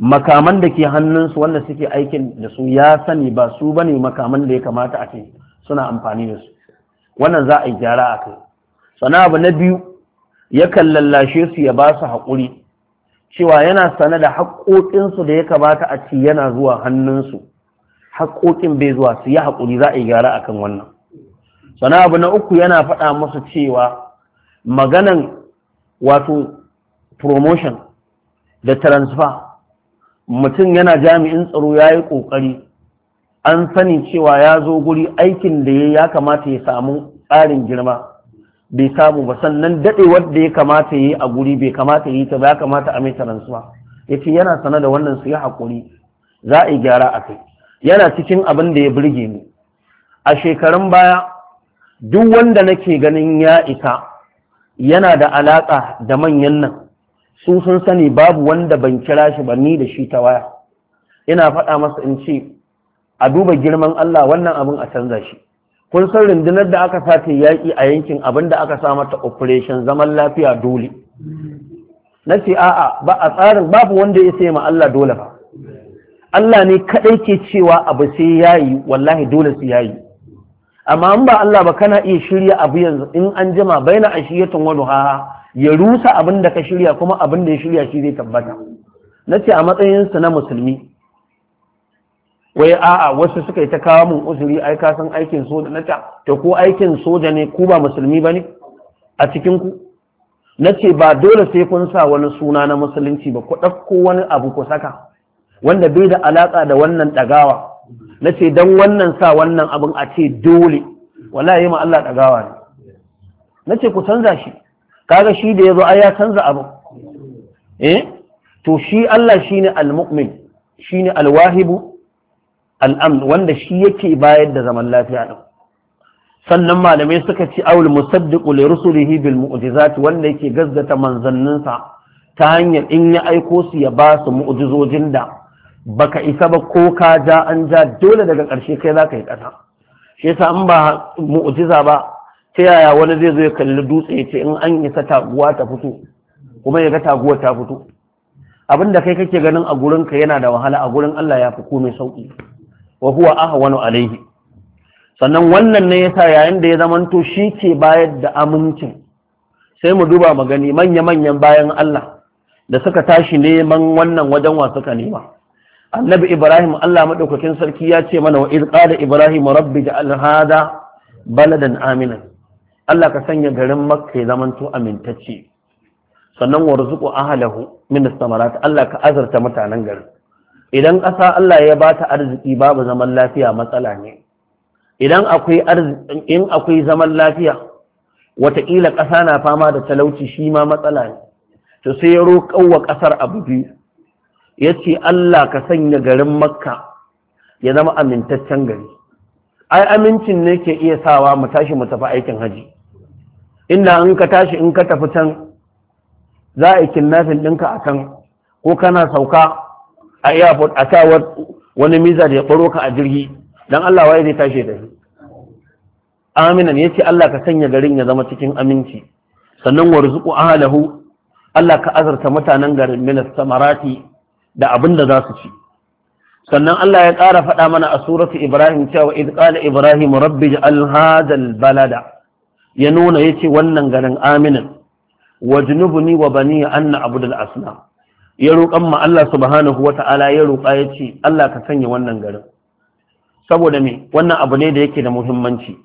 makaman da ke hannunsu wanda suke aikin da su ya sani ba su ba ne makaman da ya kamata a ce suna amfani da su wannan za a yi gyara a kai sana abu na biyu yakan lallashe su ya ba su haƙuri cewa yana sane da haƙoƙinsu da ya kamata a ci yana zuwa hannunsu haƙoƙin bai zuwa su yi haƙuri za a yi gyara akan wannan sana abu na uku yana faɗa musu cewa maganan wato promotion da transfer mutum yana jami'in tsaro ya yi ƙoƙari an sani cewa ya zo guri aikin da ya kamata ya samu tsarin girma bai samu ba sannan daɗe wanda ya kamata yi a guri bai kamata yi ta ba ya kamata a mai taransuwa ya ce yana sana da wannan su yi haƙuri za a yi gyara a kai yana cikin abin da ya birge ni a shekarun baya duk wanda nake ganin ya isa yana da alaƙa da manyan nan su sun sani babu wanda ban kira shi ba ni da shi ta waya ina faɗa masa in ce a duba girman Allah wannan abin a canza shi kun san rundunar da aka sace yaƙi a yankin abinda aka sa mata operation zaman lafiya dole na ce a'a ba a tsarin babu wanda ya sai ma Allah dole ba Allah ne kaɗai ke cewa abu sai yayi wallahi dole su yayi amma in ba Allah ba kana iya shirya abu yanzu in an jima baina ashiyatun wa duhaha ya rusa abin da ka shirya kuma abin da ya shirya shi zai tabbata na ce a matsayinsu na musulmi wai a'a wasu suka yi ta kawo mun uzuri ai ka san aikin soja na ta to ko aikin soja ne ku ba musulmi bane a cikin ku na ce ba dole sai kun sa wani suna na musulunci ba ku ɗauko wani abu ku saka wanda bai da alaƙa da wannan ɗagawa na ce don wannan sa wannan abin a ce dole wallahi yi ma Allah ɗagawa ne na ce ku canza shi kaga shi da ya zo ai ya canza abin eh to shi Allah shine al-mu'min shine al-wahibu al'amn wanda shi yake bayar da zaman lafiya din sannan malamai suka ci awul musaddiqu li rusulihi bil mu'jizat wanda yake gazzata manzanninsa ta hanyar in ya aiko su ya ba su mu'jizojin da baka isa ba ko ka ja an ja dole daga ƙarshe kai za ka yi ƙasa shi yasa an ba mu'jiza ba ta yaya wani zai zo ya kalli dutse ya ce in an isa taguwa ta fito kuma ya ga taguwa ta fito Abinda kai kake ganin a gurinka yana da wahala a gurin Allah ya fi komai sauƙi wa huwa ahwanu alaihi sannan wannan ne yasa yayin da ya zamanto shi ke bayar da amincin sai mu duba mu gani manya-manyan bayan Allah da suka tashi neman wannan wajen wa suka nema annabi ibrahim Allah madaukakin sarki ya ce mana wa izqa da ibrahim rabbi ja'al hada baladan aminan Allah ka sanya garin makka ya zamanto amintacce sannan warzuqu ahlahu min as-samarat Allah ka azarta mutanen garin idan ƙasa Allah ya ba ta arziki babu zaman lafiya matsala ne idan akwai in akwai zaman lafiya wataƙila ƙasa na fama da talauci shi ma matsala ne to sai ya roƙauwa ƙasar abu biyu ya ce Allah ka sanya garin makka ya zama amintaccen gari ai amincin ne ke iya sawa mu tashi mu tafi aikin haji inda in ka tashi in ka tafi can za a yi kinnafin ɗinka a kan ko kana sauka a airport a sa wani miza da ya baro ka a jirgi don Allah waye zai tashi da shi aminan yace Allah ka sanya garin ya zama cikin aminci sannan warzuqu ahlahu Allah ka azarta mutanen garin min samarati da abin da za su ci sannan Allah ya ƙara faɗa mana a suratu Ibrahim cewa idh qala Ibrahim rabbi ij'al hadha balada ya nuna yace wannan garin aminan wajnubni wa bani an na'budu al-asnam ya roƙan ma Allah subhanahu ta'ala ya roƙa ya ce Allah ka sanya wannan garin saboda me wannan abu ne da yake da muhimmanci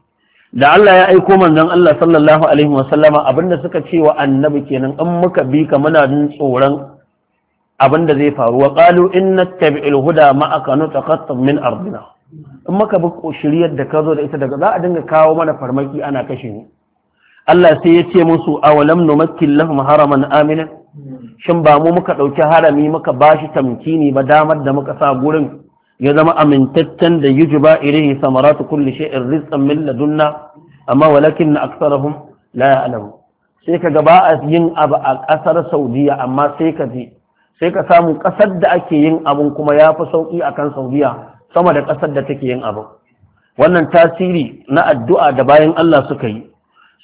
da Allah ya aiko manzon Allah sallallahu alaihi wa sallama abinda suka ce wa annabi kenan in muka bi ka muna jin tsoron abinda zai faru wa qalu inna huda ma aka nutaqattam min ardina in muka bi shiriyar da ka zo da ita daga za a dinga kawo mana farmaki ana kashe mu Allah sai ya ce musu awalam numakkil lahum haraman aminan shin ba mu muka ɗauki harami muka ba shi tamkini ba damar da muka sa gurin ya zama amintaccen da yi ba irihi samaratu kulli shay'in rizqan min ladunna amma walakin na aksarahum la ya'lamu sai ka ga a yin abu a ƙasar Saudiya amma sai ka ji sai ka samu ƙasar da ake yin abun kuma ya fi sauƙi a kan Saudiya sama da ƙasar da take yin abun wannan tasiri na addu'a da bayan Allah suka yi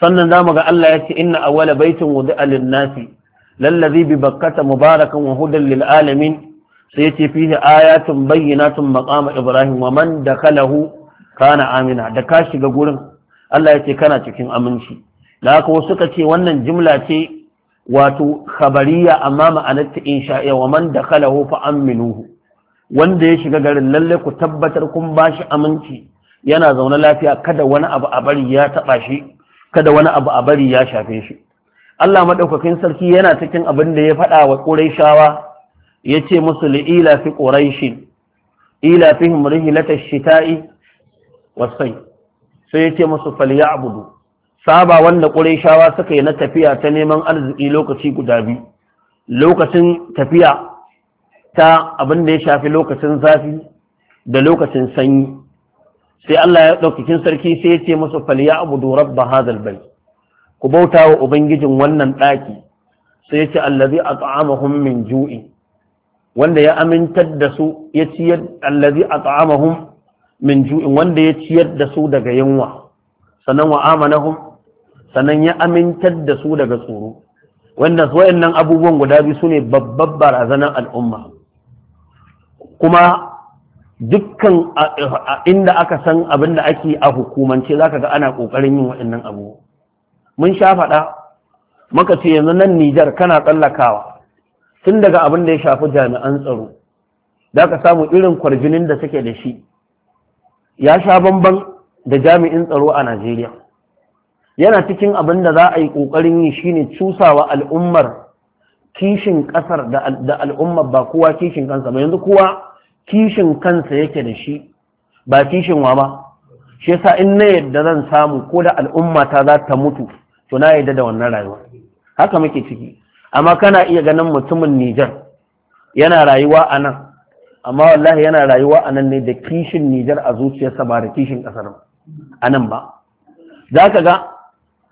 sannan za mu ga Allah ya ce inna awwala baitin wudi'a lin-nasi lallazi bi bakkata mubarakan wa hudan lil alamin sai yace fihi ayatun bayyinatun maqama ibrahim wa man dakalahu kana amina da ka shiga gurin Allah yace kana cikin aminci da haka wasu suka ce wannan jimla ce wato khabariya amma ma'anarta insha'iya wa man dakhalahu fa aminuhu wanda ya shiga garin lalle ku tabbatar kun ba shi aminci yana zaune lafiya kada wani abu a bari ya taba shi kada wani abu a bari ya shafe shi Allah maɗaukakin sarki yana cikin abin da ya faɗa wa ƙuraishawa ya ce musu li'ila fi ƙuraishin ila fihim rihilatar shita'i wasai sai ya ce musu falya abudu saba wanda ƙuraishawa suka yi na tafiya ta neman arziki lokaci guda biyu lokacin tafiya ta abin da ya shafi lokacin zafi da lokacin sanyi sai Allah ya ɗaukakin sarki sai ya ce musu falya abudu rabba hadal bai ku bauta wa ubangijin wannan ɗaki sai ya ce allazi at'amahum min ju'i wanda ya amintar da su ya ciyar allazi at'amahum min ju'in wanda ya ciyar da su daga yunwa sannan wa amanahum sannan ya amintar da su daga tsoro wanda wayannan abubuwan guda biyu sune babbar barazanar al'umma kuma dukkan inda aka san abin da ake a hukumance zaka ga ana kokarin yin waɗannan abubuwa mun sha faɗa maka ce yanzu nan Nijar kana tsallakawa tun daga abin da ya shafi jami'an tsaro da ka samu irin kwarjinin da suke da shi ya sha bamban da jami'in tsaro a Najeriya yana cikin abin da za a yi ƙoƙarin yi shine cusawa al'ummar kishin ƙasar da al'ummar ba kowa kishin kansa ba yanzu kowa kishin kansa yake da shi ba kishin wa ba shi yasa in na yadda zan samu ko da al'ummata za ta mutu to na yadda da wannan rayuwa haka muke ciki amma kana iya ganin mutumin Nijar yana rayuwa a nan amma wallahi yana rayuwa a nan ne da kishin Nijar a zuciyarsa ba da kishin ƙasar a nan ba za ka ga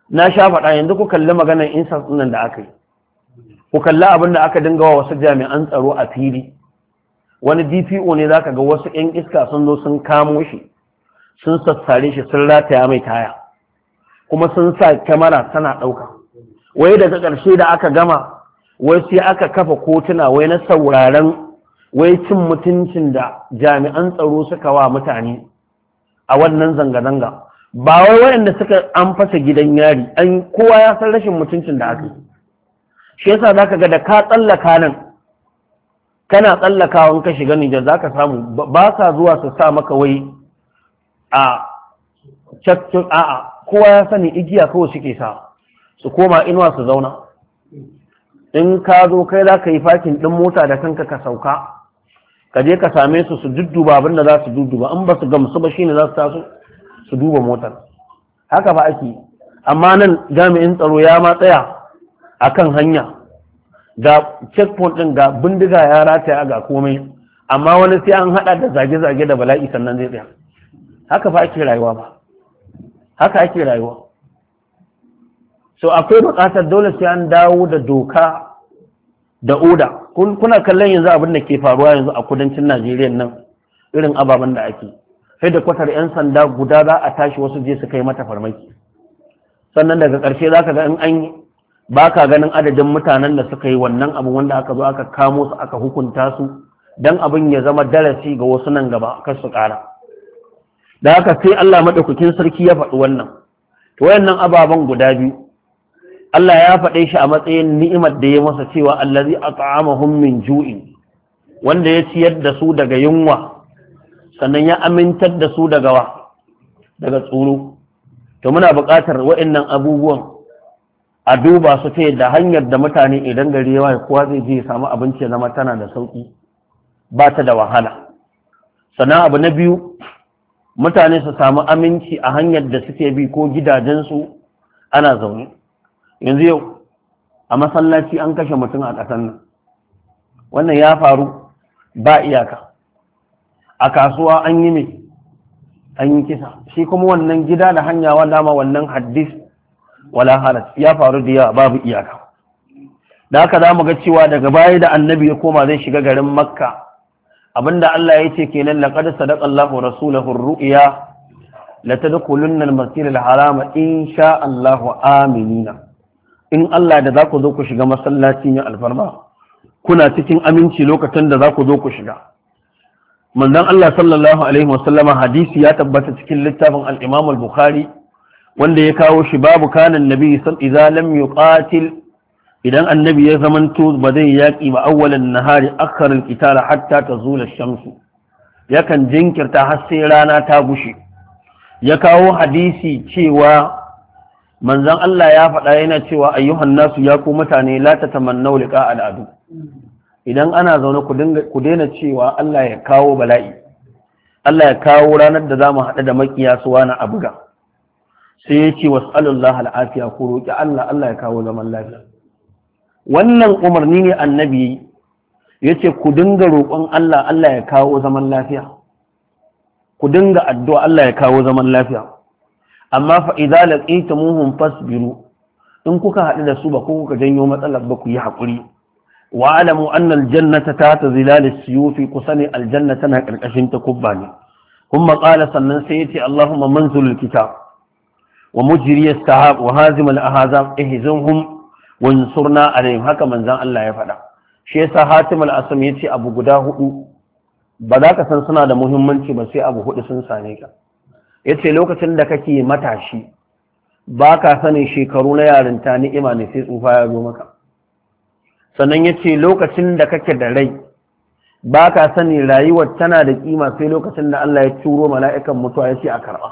na sha faɗa yanzu ku kalli maganar insa sunan da aka yi ku kalli abin da aka dinga wa wasu jami'an tsaro a fili wani dpo ne za ka ga wasu 'yan iska sun zo sun kamo shi sun sassare shi sun rataya mai taya kuma sun sa kyamara tana ɗauka wai daga ƙarshe da aka gama wai sai aka kafa kotuna wai na sauraren wai cin mutuncin da jami'an tsaro suka wa mutane a wannan zanga-zanga ba wai waɗanda suka an fasa gidan yari an kowa ya san rashin mutuncin da aka shi yasa zaka ga da ka tsallaka nan kana tsallakawan ka shiga Nijar ka samu ba sa zuwa su sa maka wai a a kowa ya sani igiya kawai suke sa su koma inuwa su zauna in ka zo kai za ka yi fakin ɗin mota da kanka ka sauka ka je ka same su su dudduba abin za su dudduba in ba su gamsu ba shine za su taso su duba motar haka ba ake amma nan jami'in tsaro ya ma tsaya a kan hanya ga checkpoint ɗin ga bindiga ya rataya ga komai amma wani sai an haɗa da zage-zage da bala'i sannan zai tsaya haka ba ake rayuwa ba haka ake rayuwa so akwai buƙatar dole sai an dawo da doka da oda kuna kallon yanzu abin da ke faruwa yanzu a kudancin najeriya nan irin ababen da ake sai da kwatar 'yan sanda guda za a tashi wasu je su kai mata farmaki sannan daga ƙarshe za ka ga in an yi ba ka ganin adadin mutanen da suka yi wannan abu wanda aka zo aka kamo su aka hukunta su don abin ya zama darasi ga wasu nan gaba kar su ƙara da haka sai Allah madaukakin sarki ya faɗi wannan to wayannan ababen guda biyu Allah ya faɗe shi a matsayin ni'imar da ya masa cewa allazi at'amahum min ju'in wanda ya ciyar da su daga yunwa sannan ya amintar da su daga wa daga tsoro to muna buƙatar wayannan abubuwan a duba su ta da hanyar da mutane idan gari yawa kowa zai je ya samu abinci ya zama tana da sauƙi ba ta da wahala sannan abu na biyu mutane su samu aminci a hanyar da suke bi ko gidajensu ana zaune yanzu yau a masallaci an kashe mutum a ƙasar nan wannan ya faru ba iyaka a kasuwa an yi mai an yi kisa shi kuma wannan gida da hanya wa dama wannan haddis wala halas ya faru da yawa babu iyaka da haka za mu ga cewa daga baya da annabi ya koma zai shiga garin makka abinda Allah ya ce kenan laqad sadaqallahu rasulahu ar-ru'ya la tadkhulunna masjid al-harama insha Allah aminina in Allah da zaku zo ku shiga masallaci ne alfarma kuna cikin aminci lokacin da zaku zo ku shiga manzon Allah sallallahu alaihi wasallama hadisi ya tabbata cikin littafin al-Imam al-Bukhari wanda ya kawo shi babu kanan nabi idza lam yuqatil idan annabi ya zamanto ba zai yaƙi ba awwalan nahari akharin kitala hatta ta tazula shamsu yakan jinkirta har sai rana ta gushe ya kawo hadisi cewa manzon Allah ya faɗa yana cewa ayyuhan nasu ya ku mutane la tatamannaw liqa al'adu idan ana zaune ku daina cewa Allah ya kawo bala'i Allah ya kawo ranar da zamu haɗu da makiya suwa na abuga sai ya ce wasu al'afiya ku roƙi Allah Allah ya kawo zaman lafiya wannan umarni ne annabi ya ce ku dinga roƙon Allah Allah ya kawo zaman lafiya ku dinga addu'a Allah ya kawo zaman lafiya amma fa idza laqitumuhum fasbiru in kuka haɗu da su ba ko kuka janyo matsalar ba ku yi haƙuri wa alamu annal jannata ta ta zilali siyufi ku sani aljanna tana ƙarƙashin ta kubba ne kuma sannan sai yace Allahumma manzulul kitab wa mujriyas sahab wa hazimal ahzab ihzumhum wansurna alaihim haka manzan Allah ya faɗa shi yasa Hatim al ya yace abu guda hudu ba za ka san suna da muhimmanci ba sai abu hudu sun same ka yace lokacin da kake matashi ba ka sani shekaru na yarinta ni'ima ne sai tsufa ya zo maka sannan yace lokacin da kake da rai ba ka sani rayuwar tana da kima sai lokacin da Allah ya turo mala'ikan mutuwa ya ce a karba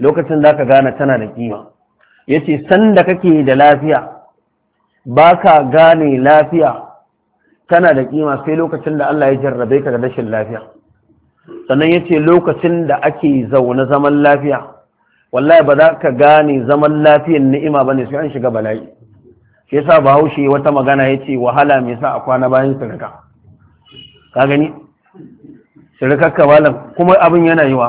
lokacin da ka gane tana da kima yace san da kake da lafiya ba ka gane lafiya tana da kima sai lokacin da Allah ya jarrabe ka da rashin lafiya sannan ya ce lokacin da ake zaune zaman lafiya wallahi ba za ka gane zaman lafiyan ni'ima ba ne sai an shiga bala'i shi yasa bahaushe wata magana ya ce wahala mai sa a kwana bayan sirka ka gani sirkar malam kuma abin yana yiwa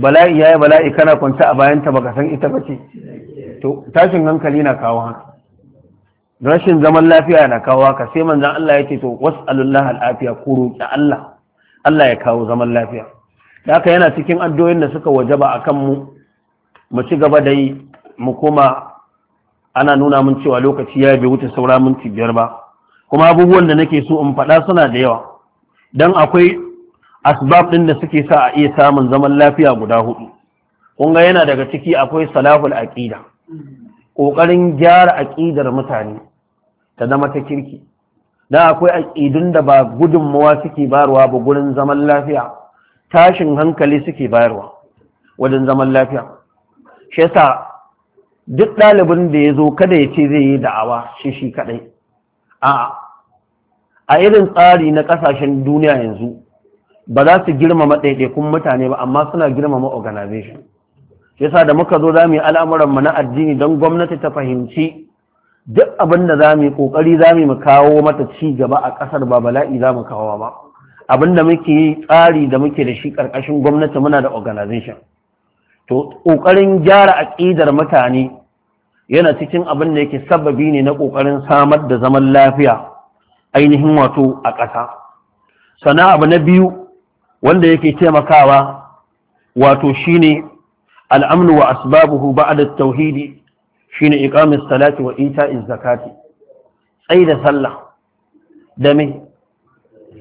bala'i yayi bala'i kana kwanta a bayanta ta baka san ita bace to tashin hankali na kawo haka rashin zaman lafiya na kawo haka sai manzan Allah yake to wasu was'alullah al'afiya ku roƙi Allah Allah ya kawo zaman lafiya da haka yana cikin addu'o'in da suka wajaba a mu mu ci gaba da yi mu koma ana nuna mun cewa lokaci ya bai wuce saura minti biyar ba kuma abubuwan da nake so in faɗa suna da yawa don akwai asbab ɗin da suke sa a iya samun zaman lafiya guda hudu kunga yana daga ciki akwai salahul aƙida, ƙoƙarin gyara aƙidar mutane ta zama ta kirki da akwai aƙidun da ba gudunmawa suke bayarwa ba gurin zaman lafiya tashin hankali suke bayarwa wajen zaman lafiya shi sa duk ɗalibin da ya zo kada ya ce zai yi da'awa shi shi kaɗai a a irin tsari na ƙasashen duniya yanzu ba za su girmama ɗaiɗaikun mutane ba amma suna girmama organization sa da muka zo za mu yi al'amuranmu na addini don gwamnati ta fahimci duk abin da za mu yi ƙoƙari za mu kawo mata ci gaba a ƙasar ba bala'i za mu kawo ba abin da muke yi tsari da muke da shi ƙarƙashin gwamnati muna da organization to ƙoƙarin gyara aƙidar mutane yana cikin abin da yake sababi ne na ƙoƙarin samar da zaman lafiya ainihin wato a ƙasa sana abu na biyu wanda yake taimakawa wato shine al'amnu wa asbabuhu ba'da tauhidi shine iqamis salati wa ita'iz zakati tsayi da sallah da me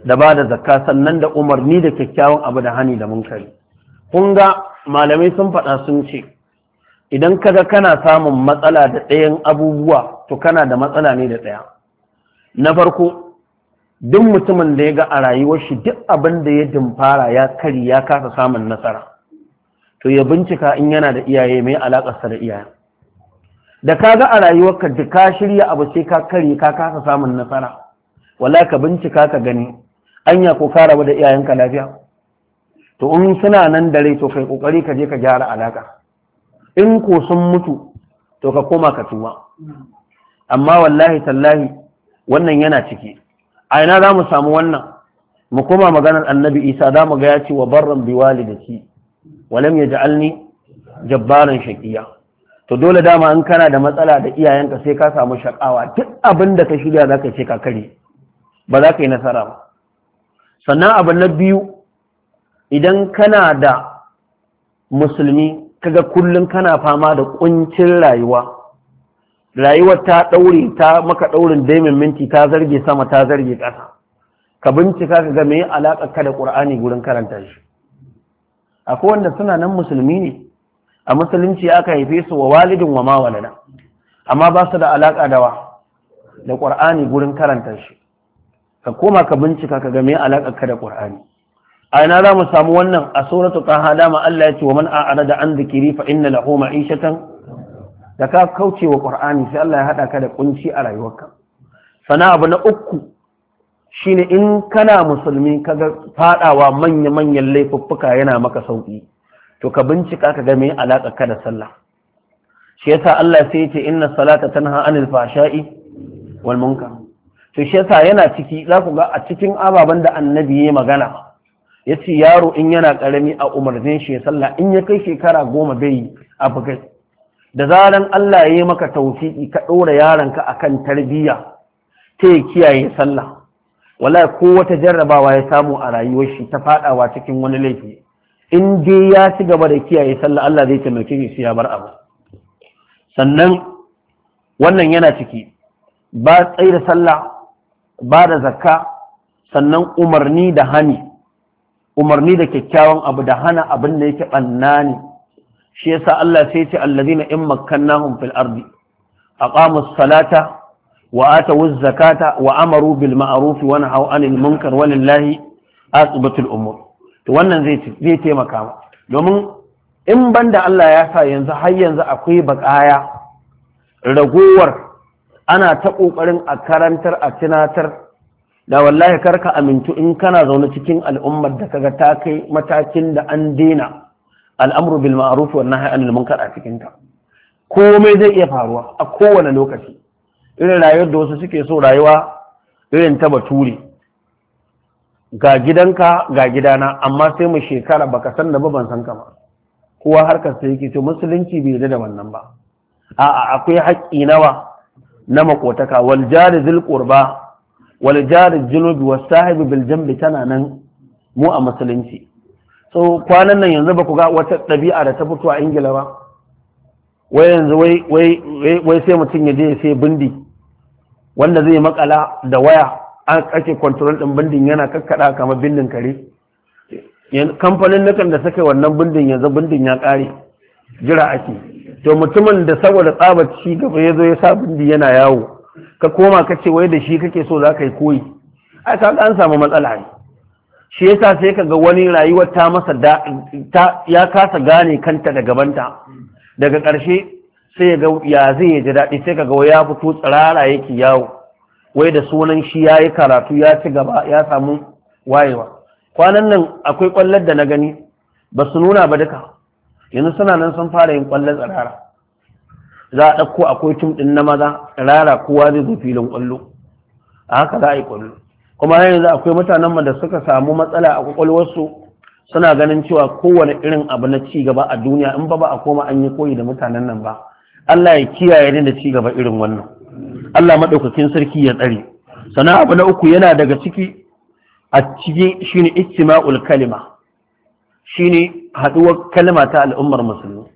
da ba da zakka sannan da umarni da kyakkyawan abu da hani da munkari kun ga malamai sun faɗa sun ce idan kaga kana samun matsala da ɗayan abubuwa to kana da matsala ne da ɗaya na farko duk mutumin da ya ga a rayuwar shi duk abin da ya dimfara ya kari ya kasa samun nasara to ya bincika in yana da iyaye mai alaƙarsa da iyayen da ka ga a rayuwarka da ka shirya abu sai ka kare ka kasa samun nasara wala ka bincika ka gani anya ko ka rabu da iyayenka lafiya to in suna nan dare rai to kai kokari ka je ka gyara alaka in ko sun mutu to ka koma ka tuba amma wallahi tallahi wannan yana ciki a ina za mu samu wannan mu koma maganar annabi isa za mu ga ya ce wa barran biwalidati walam yaj'alni jabbaran shaqiya to dole dama in kana da matsala da iyayenka sai ka samu shakawa duk abin da ka shirya za ka ce ka kare ba za ka yi nasara ba sannan abu na biyu idan kana da musulmi kaga kullum kana fama da ƙuncin rayuwa rayuwar ta ɗaure ta maka ɗaurin daimin minti ta zarge sama ta zarge ƙasa ka bincika ka ga me alaƙa ka da ƙur'ani gurin karanta shi akwai wanda suna nan musulmi ne a musulunci aka haife su wa walidin wa ma walana amma ba su da alaka dawa da qur'ani gurin karanta shi ka koma ka bincika ka ga me alakar ka da qur'ani a ina za mu samu wannan a suratu da ma Allah ya ce wa man a'rada an dhikri fa inna lahu ma'ishatan da ka kauce wa qur'ani sai Allah ya hada ka da kunci a rayuwarka sana abu na uku shine in kana musulmi kaga fadawa manya-manyan laifuffuka yana maka sauki to ka bincika ka ga me alaƙa ka da sallah shi yasa Allah sai ya ce inna salata tanha anil Fasha'i, wal munkar to shi yasa yana ciki za ku ga a cikin ababen da annabi ya magana ya ce yaro in yana karami a umarnin shi sallah in ya kai shekara goma bai a bugai da zaran Allah ya yi maka tausiki ka ɗora yaronka akan tarbiyya ta ya kiyaye sallah wala ko wata jarrabawa ya samu a rayuwar shi ta faɗawa cikin wani laifi in dai ya ci gaba da kiyaye sallah Allah zai taimake shi ya bar abu sannan wannan yana ciki ba tsaye da sallah ba da zakka sannan umarni da hani umarni da kyakkyawan abu da hana abin da yake ɓanna ne shi yasa Allah sai ce allazina in makkannahum fil ardi aqamus salata wa atawuz zakata wa amaru bil ma'ruf wa nahaw anil munkar walillahi asbatul umur to wannan zai taimaka ma domin in banda Allah ya sa yanzu har yanzu akwai bakaya ragowar ana ta ƙoƙarin a karantar a tunatar da wallahi karka amintu in kana zaune cikin al'ummar da kaga ta kai matakin da an daina al'amru bil ma'ruf wa nahyi anil munkar a cikin ta komai zai iya faruwa a kowane lokaci irin rayuwar da wasu suke so rayuwa irin ta bature ga gidanka ga gidana amma sai mu shekara baka san da ba ban san ka ba kowa harkar sai yake to musulunci bai yarda da wannan ba a'a akwai haƙƙi nawa na makotaka wal jari zil qurba wal jari junubi was sahibi bil tana nan mu a musulunci so kwanan nan yanzu ba ku ga wata ɗabi'a da ta fito a ingila ba wai yanzu wai wai sai mutum ya je ya sai bindi wanda zai makala da waya an ake kwantaron ɗin bindin yana kakkaɗa kamar bindin kare kamfanin nukan da suka wannan bindin yanzu bindin ya ƙare jira ake to mutumin da saboda tsabar ci gaba ya zo ya sa bindi yana yawo ka koma ka ce wai da shi kake so za ka yi koyi ai ka an samu matsala ne shi yasa sai ka ga wani rayuwar ta masa da ya kasa gane kanta da gabanta daga ƙarshe sai ya ga ya zai ji daɗi sai ka ga ya fito tsirara yake yawo wai da sunan shi ya yi karatu ya ci gaba ya samu wayewa kwanan nan akwai kwallar da na gani ba su nuna ba duka yanzu suna nan sun fara yin kwallon tsirara za a ɗauko akwai tum ɗin na maza tsirara kowa zai zo filin kwallo a haka za a yi kwallo kuma har yanzu akwai mutanen mu da suka samu matsala a kwakwalwarsu suna ganin cewa kowane irin abu na ci gaba a duniya in ba ba a koma an yi koyi da mutanen nan ba Allah ya kiyaye ni da ci gaba irin wannan Allah maɗaukakin sarki ya tsare sana abu na uku yana daga ciki a cikin shine ittima'ul kalima shine haɗuwar kalima ta al'ummar musulmi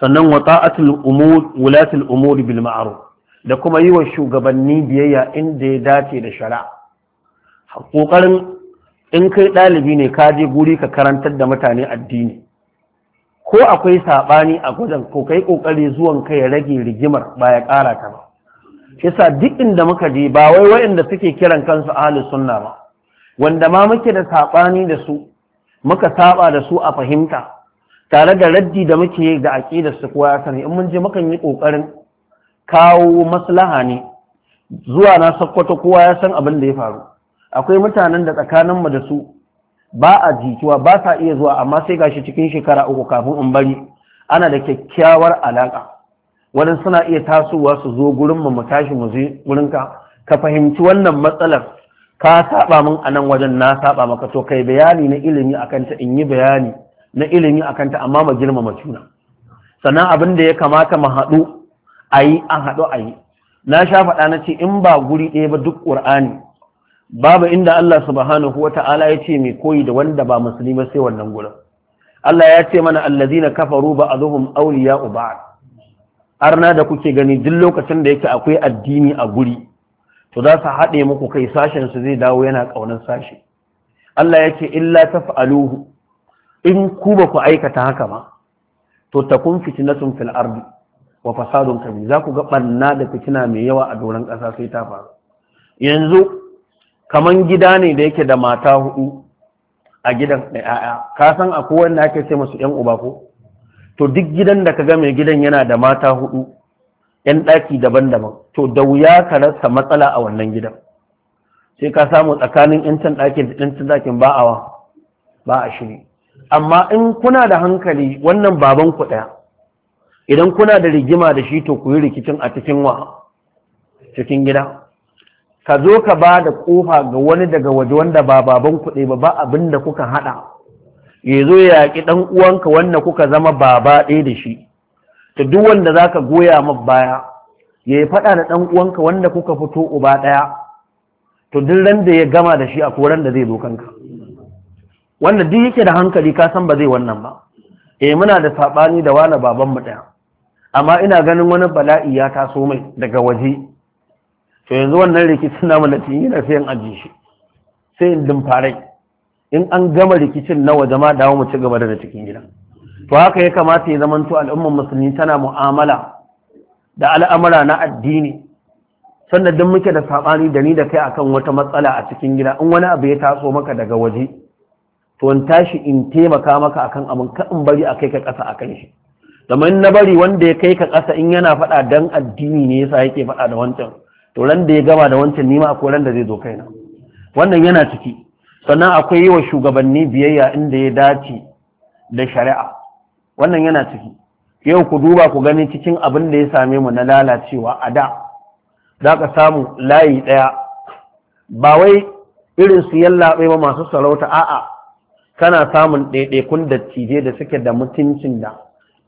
sannan wa ta'atul umur wulatul umur bil ma'ruf da kuma yi wa shugabanni biyayya inda ya dace da shari'a ƙoƙarin in kai ɗalibi ne ka je guri ka karantar da mutane addini ko akwai saɓani a gudan ko kai ƙoƙari zuwan kai rage rigimar ba ya ƙara ta ba yasa duk inda muka je ba wai waɗanda suke kiran kansu ahli sunna ba wanda ma muke da sabani da su muka saba da su a fahimta tare da raddi da muke ga aqidar su kowa ya sani in mun je muka yi kokarin kawo maslaha ne zuwa na sakkwato kowa ya san abin da ya faru akwai mutanen da tsakanin mu da su ba a jituwa ba sa iya zuwa amma sai gashi cikin shekara uku kafin in bari ana da kyakkyawar alaka wani suna iya tasowa su zo gurin mu tashi mu je gurin ka ka fahimci wannan matsalar ka saba min a nan wajen na saba maka to kai bayani na ilimi akan ta in yi bayani na ilimi akan ta amma mu girmama juna sannan abin da ya kamata mu haɗu a yi an haɗu a yi na sha faɗa na ce in ba guri ɗaya ba duk ƙur'ani babu inda Allah subhanahu wa ta'ala ya ce mai koyi da wanda ba musulmi ba sai wannan gurin Allah ya ce mana allazina kafaru ba'dhum awliya'u ba'd arna da kuke gani duk lokacin da yake akwai addini a guri to za su haɗe muku kai sashen su zai dawo yana ƙaunar sashe Allah ya ce illa taf'aluhu in ku ba ku aikata haka ba to takun fitnatun fil ardi wa fasadun kabi za ku ga ɓanna da fitina mai yawa a doron ƙasa sai ta faru yanzu kaman gida ne da yake da mata huɗu a gidan da 'ya'ya ka san akwai wanda ake ce masu 'yan uba ko to duk gidan da ka ga mai gidan yana da mata hudu yan ɗaki daban-daban to da wuya ka rasa matsala a wannan gidan sai ka samu tsakanin yan can ɗakin da yan can ɗakin ba a ba a shiri amma in kuna da hankali wannan baban ku ɗaya idan kuna da rigima da shi to ku yi rikicin a cikin wa cikin gida ka zo ka ba da kofa ga wani daga waje wanda ba baban ɗaya ba ba abin da kuka haɗa ya zo ya yaƙi ɗan uwanka wanda kuka zama baba ɗaya da shi ta duk wanda za ka goya ma baya ya yi faɗa da ɗan uwanka wanda kuka fito uba ɗaya to duk ran da ya gama da shi a koran da zai zo kanka wanda duk yake da hankali ka san ba zai wannan ba eh muna da saɓani da wani baban mu ɗaya amma ina ganin wani bala'i ya taso mai daga waje to yanzu wannan rikicin namu na yi na sayan ajiye shi sai in dumfarai in an gama rikicin na waje ma dawo mu ci gaba da cikin gida to haka ya kamata ya zamanto al'ummar musulmi tana mu'amala da al'amura na addini sannan duk muke da sabani da ni da kai akan wata matsala a cikin gida in wani abu ya taso maka daga waje to in tashi in taimaka maka akan abin ka in bari a kai ka ƙasa akan shi in na bari wanda ya kai ka kasa in yana faɗa dan addini ne yasa yake faɗa da wancan to ran da ya gama da wancan nima akwai ran da zai zo kaina wannan yana ciki sannan akwai yi wa shugabanni biyayya inda ya dace da shari'a wannan yana ciki yau ku duba ku gani cikin abin da ya same mu na lalacewa a da za ka samu layi ɗaya ba wai irin su yallaɓe ba masu sarauta a'a kana samun ɗaiɗaikun dattijai da suke da mutuncin da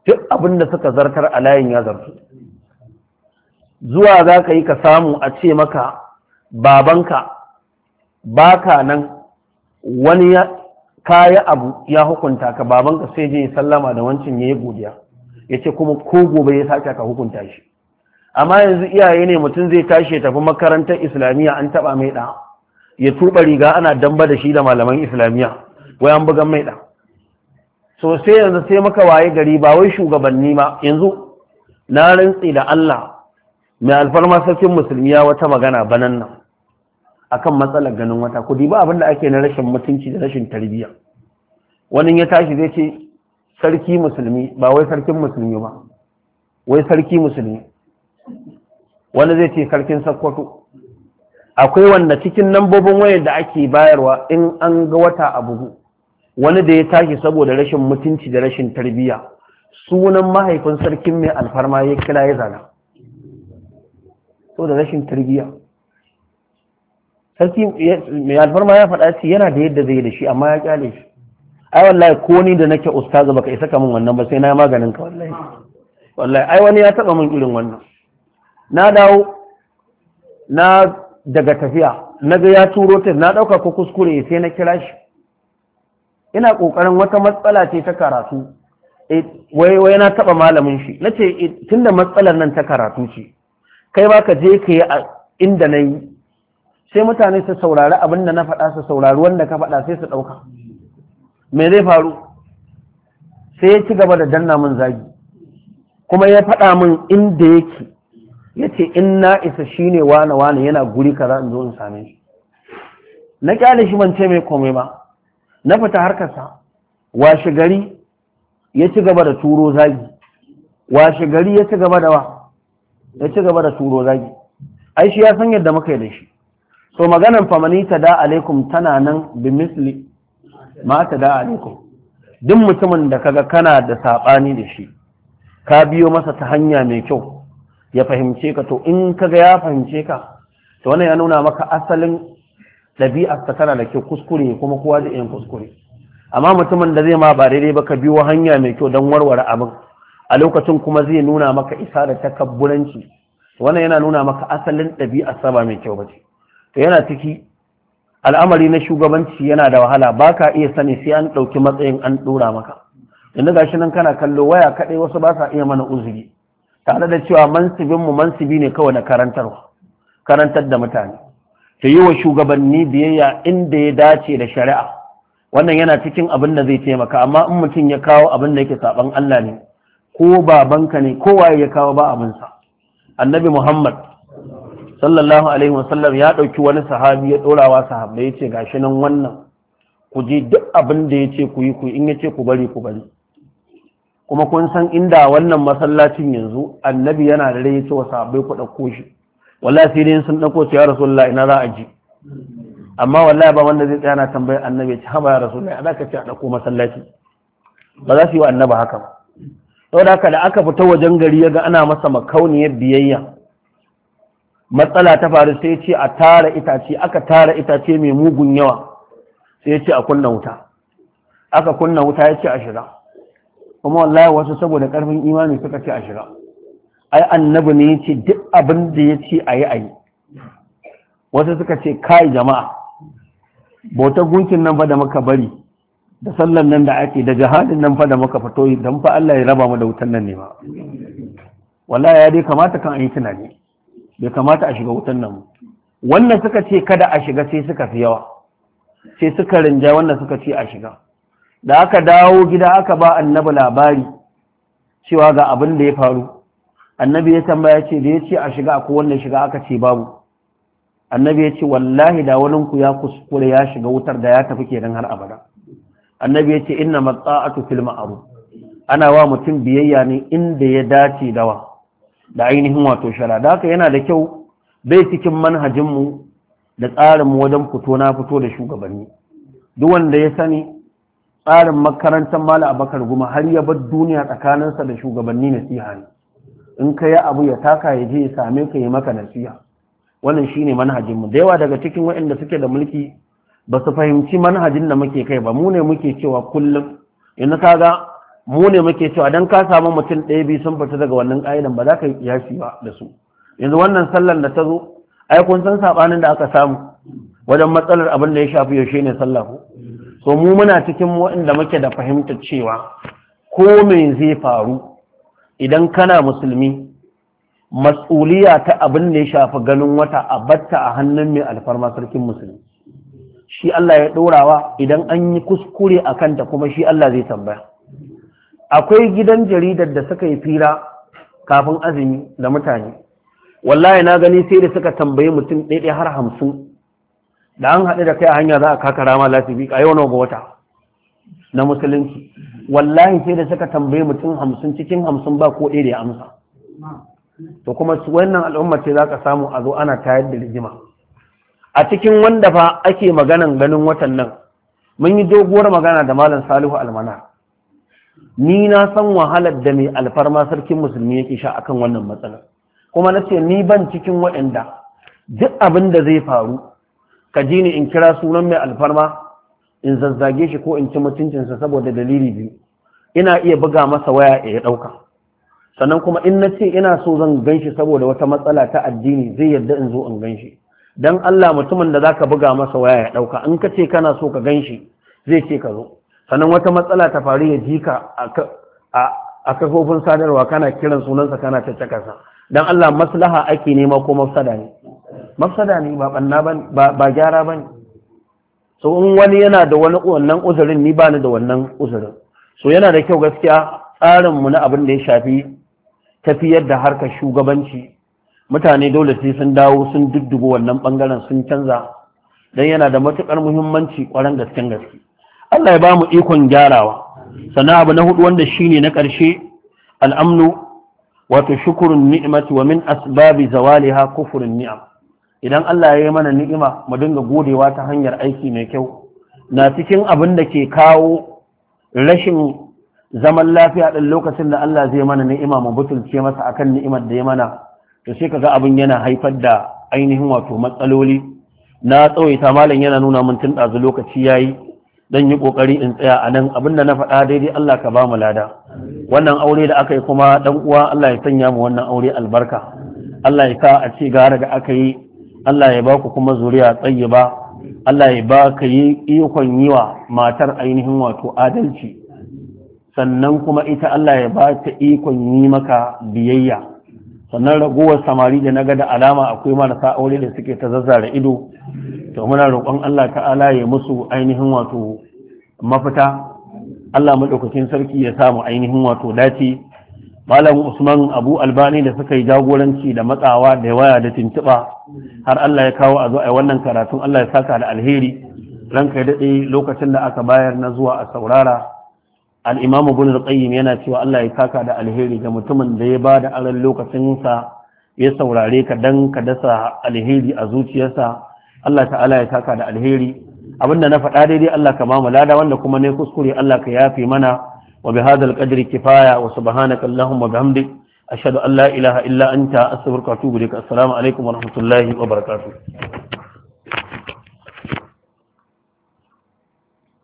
duk abin da suka zartar a layin ya zartu zuwa za ka yi ka samu a ce maka babanka ka nan wani ya kaya abu ya hukunta ka baban ka sai je sallama da wancin yi godiya ya ce kuma ko gobe ya sake ka hukunta shi amma yanzu iyaye ne mutum zai tashi ya tafi makarantar islamiyya an taba mai da ya tuba riga ana damba da shi da malaman islamiyya wai an bugan mai da so sai yanzu sai maka waye gari ba wai shugabanni ma yanzu na rantsi da Allah mai alfarma sarkin musulmi wata magana banan nan akan matsalar ganin wata ku ba abin da ake na rashin mutunci da rashin tarbiyya wani ya tashi zai ce sarki musulmi ba wai sarkin musulmi ba wai sarki musulmi wani zai ce sarkin sakkwato akwai wanda cikin lambobin wayar da ake bayarwa in an ga wata a bugu wani da ya tashi saboda rashin mutunci da rashin tarbiyya sunan mahaifin sarkin mai alfarma ya kira ya zana so da rashin tarbiyya sarki mai alfarma ya faɗa ce yana da yadda zai da shi amma ya kyale shi ai wallahi ko ni da nake ustaza baka isa ka wannan ba sai na maganin ka wallahi wallahi ai wani ya taba min irin wannan na dawo na daga tafiya na ga ya turo ta na dauka ko kuskure sai na kira shi ina kokarin wata matsala ce ta karatu e, wai wai na taba malamin shi nace e, tunda matsalar nan ta karatu ce kai ba ka je ka yi inda na yi sai mutane su saurari abin da na faɗa su saurari wanda ka faɗa sai su ɗauka me zai faru sai ya ci gaba da danna min zagi kuma ya faɗa min inda yake ya ce in na isa shi ne wane wane yana guri kaza in zo in same shi na kyale shi ban ce mai komai ba na fita harkarsa washe gari ya ci gaba da turo zagi washe gari ya ci gaba da wa ya ci gaba da turo zagi ai shi ya san yadda muka yi da shi to maganan famani ta da alaikum tana nan bi misli ma ta da alaikum duk mutumin da kaga kana da sabani da shi ka biyo masa ta hanya mai kyau ya fahimce ka to in kaga ya fahimce ka to wannan ya nuna maka asalin ɗabi'ar ta tana da kyau kuskure kuma kowa zai yin kuskure amma mutumin da zai ma ba daidai ba ka biyo hanya mai kyau don warware abin a lokacin kuma zai nuna maka isa da takabburanci wannan yana nuna maka asalin ɗabi'ar ba mai kyau ba ce yana ciki al'amari na shugabanci yana da wahala ba ka iya sani sai an ɗauki matsayin an ɗora maka yanzu gashi nan kana kallo waya kaɗai wasu ba sa iya mana uzuri tare da cewa mansibin mu mansibi ne kawai na karantarwa karantar da mutane ta yi wa shugabanni biyayya inda ya dace da shari'a wannan yana cikin abin da zai taimaka amma in mutum ya kawo abin da yake saɓan Allah ne ko babanka ne kowa ya kawo ba abinsa annabi Muhammad sallallahu alaihi wasallam ya ɗauki wani sahabi ya ɗorawa sahabbai yace gashi nan wannan ku je duk abin da yace ku yi ku in yace ku bari ku bari kuma kun san inda wannan masallacin yanzu annabi yana da rai ya ce wa sahabbai ku ɗauko shi wallahi sai dai sun ɗauko ce ya rasulullah ina za a ji amma wallahi ba wanda zai tsaya na tambayar annabi ce haba ya rasulullah ana ka ce a ɗauko masallaci ba za su yi wa annabi haka ba saboda haka da aka fita wajen gari ya ga ana masa makauniyar biyayya matsala ta faru sai ce a tara itace aka tara itace mai mugun yawa sai ce a kunna wuta aka kunna wuta ya ce a shiga kuma wallahi wasu saboda karfin imani suka ce a shiga ai annabi ne ya ce duk abin da ya ce a yi a yi wasu suka ce kai jama'a bautar gunkin nan fa da muka bari da sallan nan da ake da jihadin nan fa da muka fito don fa Allah ya raba mu da wutan nan ne ma wallahi ya dai kamata kan ayi tunani bai kamata a shiga wutan nan wannan suka ce kada a shiga sai suka fi yawa sai suka rinja wannan suka ce a shiga da aka dawo gida aka ba annabi labari cewa ga abin da ya faru annabi ya tambaya ce da ya ce a shiga ko wannan shiga aka ce babu annabi ya ce wallahi da wani ku ya kuskure ya shiga wutar da ya tafi kenan har abada annabi ya ce inna matsa'atu fil ma'ruf ana wa mutum biyayya ne inda ya dace dawa da ainihin wato shara da haka yana da kyau bai cikin manhajinmu da tsarinmu wajen fito na fito da shugabanni duk wanda ya sani tsarin makarantar mala Bakar guma har ya bar duniya tsakaninsa da shugabanni nasiha ne in ka yi abu ya taka ya je ya same ka yi maka nasiha wannan shine manhajinmu da yawa daga cikin waɗanda suke da mulki ba su fahimci manhajin da muke kai ba mu ne muke cewa kullum yanzu ga mu ne muke cewa dan ka samu mutum ɗaya biyu sun fita daga wannan ƙa'idan ba za ka yi kiyasi ba da su yanzu wannan sallar da ta zo ai kun san sabanin da aka samu wajen matsalar abin da ya shafi yaushe ne sallah ko so mu muna cikin waɗanda muke da fahimtar cewa ko me zai faru idan kana musulmi mas'uliya ta abin da ya shafi ganin wata a batta a hannun mai alfarma sarkin musulmi shi Allah ya ɗorawa idan an yi kuskure a kanta kuma shi Allah zai tambaya akwai gidan jaridar da suka yi fira kafin azumi da mutane wallahi na gani sai da suka tambayi mutum ɗaiɗai har hamsin da an haɗu da kai a hanya za a kaka rama lasibi a yau ga wata na musulunci wallahi sai da suka tambayi mutum hamsin cikin hamsin ba ko ɗaya da ya amsa to kuma wannan al'umma ce za ka samu a zo ana tayar da rijima a cikin wanda fa ake maganan ganin watan nan mun yi doguwar magana da malam salihu Almanar. ni na san wahalar da mai alfarma sarkin musulmi yake sha akan wannan matsala kuma na ce ni ban cikin waɗanda duk abin da zai faru ka ji ni in kira sunan mai alfarma in zazzage shi ko in ci mutuncinsa saboda dalili biyu ina iya buga masa waya ya ɗauka sannan kuma in na ce ina so zan gan shi saboda wata matsala ta addini zai yarda in zo in ganshi. shi don Allah mutumin da zaka buga masa waya ya ɗauka in ka ce kana so ka gan shi zai ce ka zo sannan wata matsala ta faru ya ji ka a kafofin sadarwa kana kiran sunansa kana ta cakasa don Allah maslaha ake nema ko mafsada ne mafsada ne ba banna ba gyara ba ne so in wani yana da wani wannan uzurin ni ba ni da wannan uzurin so yana da kyau gaskiya tsarinmu na abin da ya shafi tafiyar da harkar shugabanci mutane dole sai sun dawo sun dudduba wannan bangaren sun canza don yana da matukar muhimmanci kwaran gaske gaske Allah ya ba mu ikon gyarawa sannan abu na hudu wanda shine na ƙarshe al'amnu wato shukurun ni'imati wa min asbabi zawaliha kufurin ni'am idan Allah ya yi mana ni'ima mu dinga godewa ta hanyar aiki mai kyau na cikin abin da ke kawo rashin zaman lafiya ɗin lokacin da Allah zai mana ni'ima mu butulce masa akan ni'imar da ya mana to sai kaga abin yana haifar da ainihin wato matsaloli na tsawaita malam yana nuna mun tun ɗazu lokaci ya yi. dan yi kokari in tsaya a nan Abin da na faɗa daidai Allah ka ba mu lada wannan aure da aka yi kuma dan uwa Allah ya sanya mu wannan aure albarka Allah ya sa a ci gara da aka yi Allah ya baku ku kuma zuriya tsayyiba Allah ya ba yi ikon yi wa matar ainihin wato adalci sannan kuma ita Allah ya ba ikon yi maka biyayya sannan ragowar samari da na ga da alama akwai marasa aure da suke ta zazzara ido to muna roƙon Allah ta'ala ya musu ainihin wato mafita Allah maɗaukakin sarki ya samu ainihin wato dace malam Usman Abu Albani da suka yi jagoranci da matsawa da waya da tuntuɓa har Allah ya kawo a zo a wannan karatun Allah ya saka da alheri ranka ya daɗe lokacin da aka bayar na zuwa a saurara al-imam ibn al-qayyim yana cewa Allah ya taka da alheri ga mutumin da ya ba da aran lokacin sa ya saurare ka dan ka dasa alheri a zuciyarsa Allah ta'ala ya taka da alheri abinda na faɗa daidai Allah ka mamu, lada wanda kuma ne kuskure Allah ka yafi mana wa bi hadal qadri kifaya wa subhanaka allahumma bihamdik ashhadu an la ilaha illa anta astaghfiruka wa atubu ilaik assalamu alaikum wa rahmatullahi wa barakatuh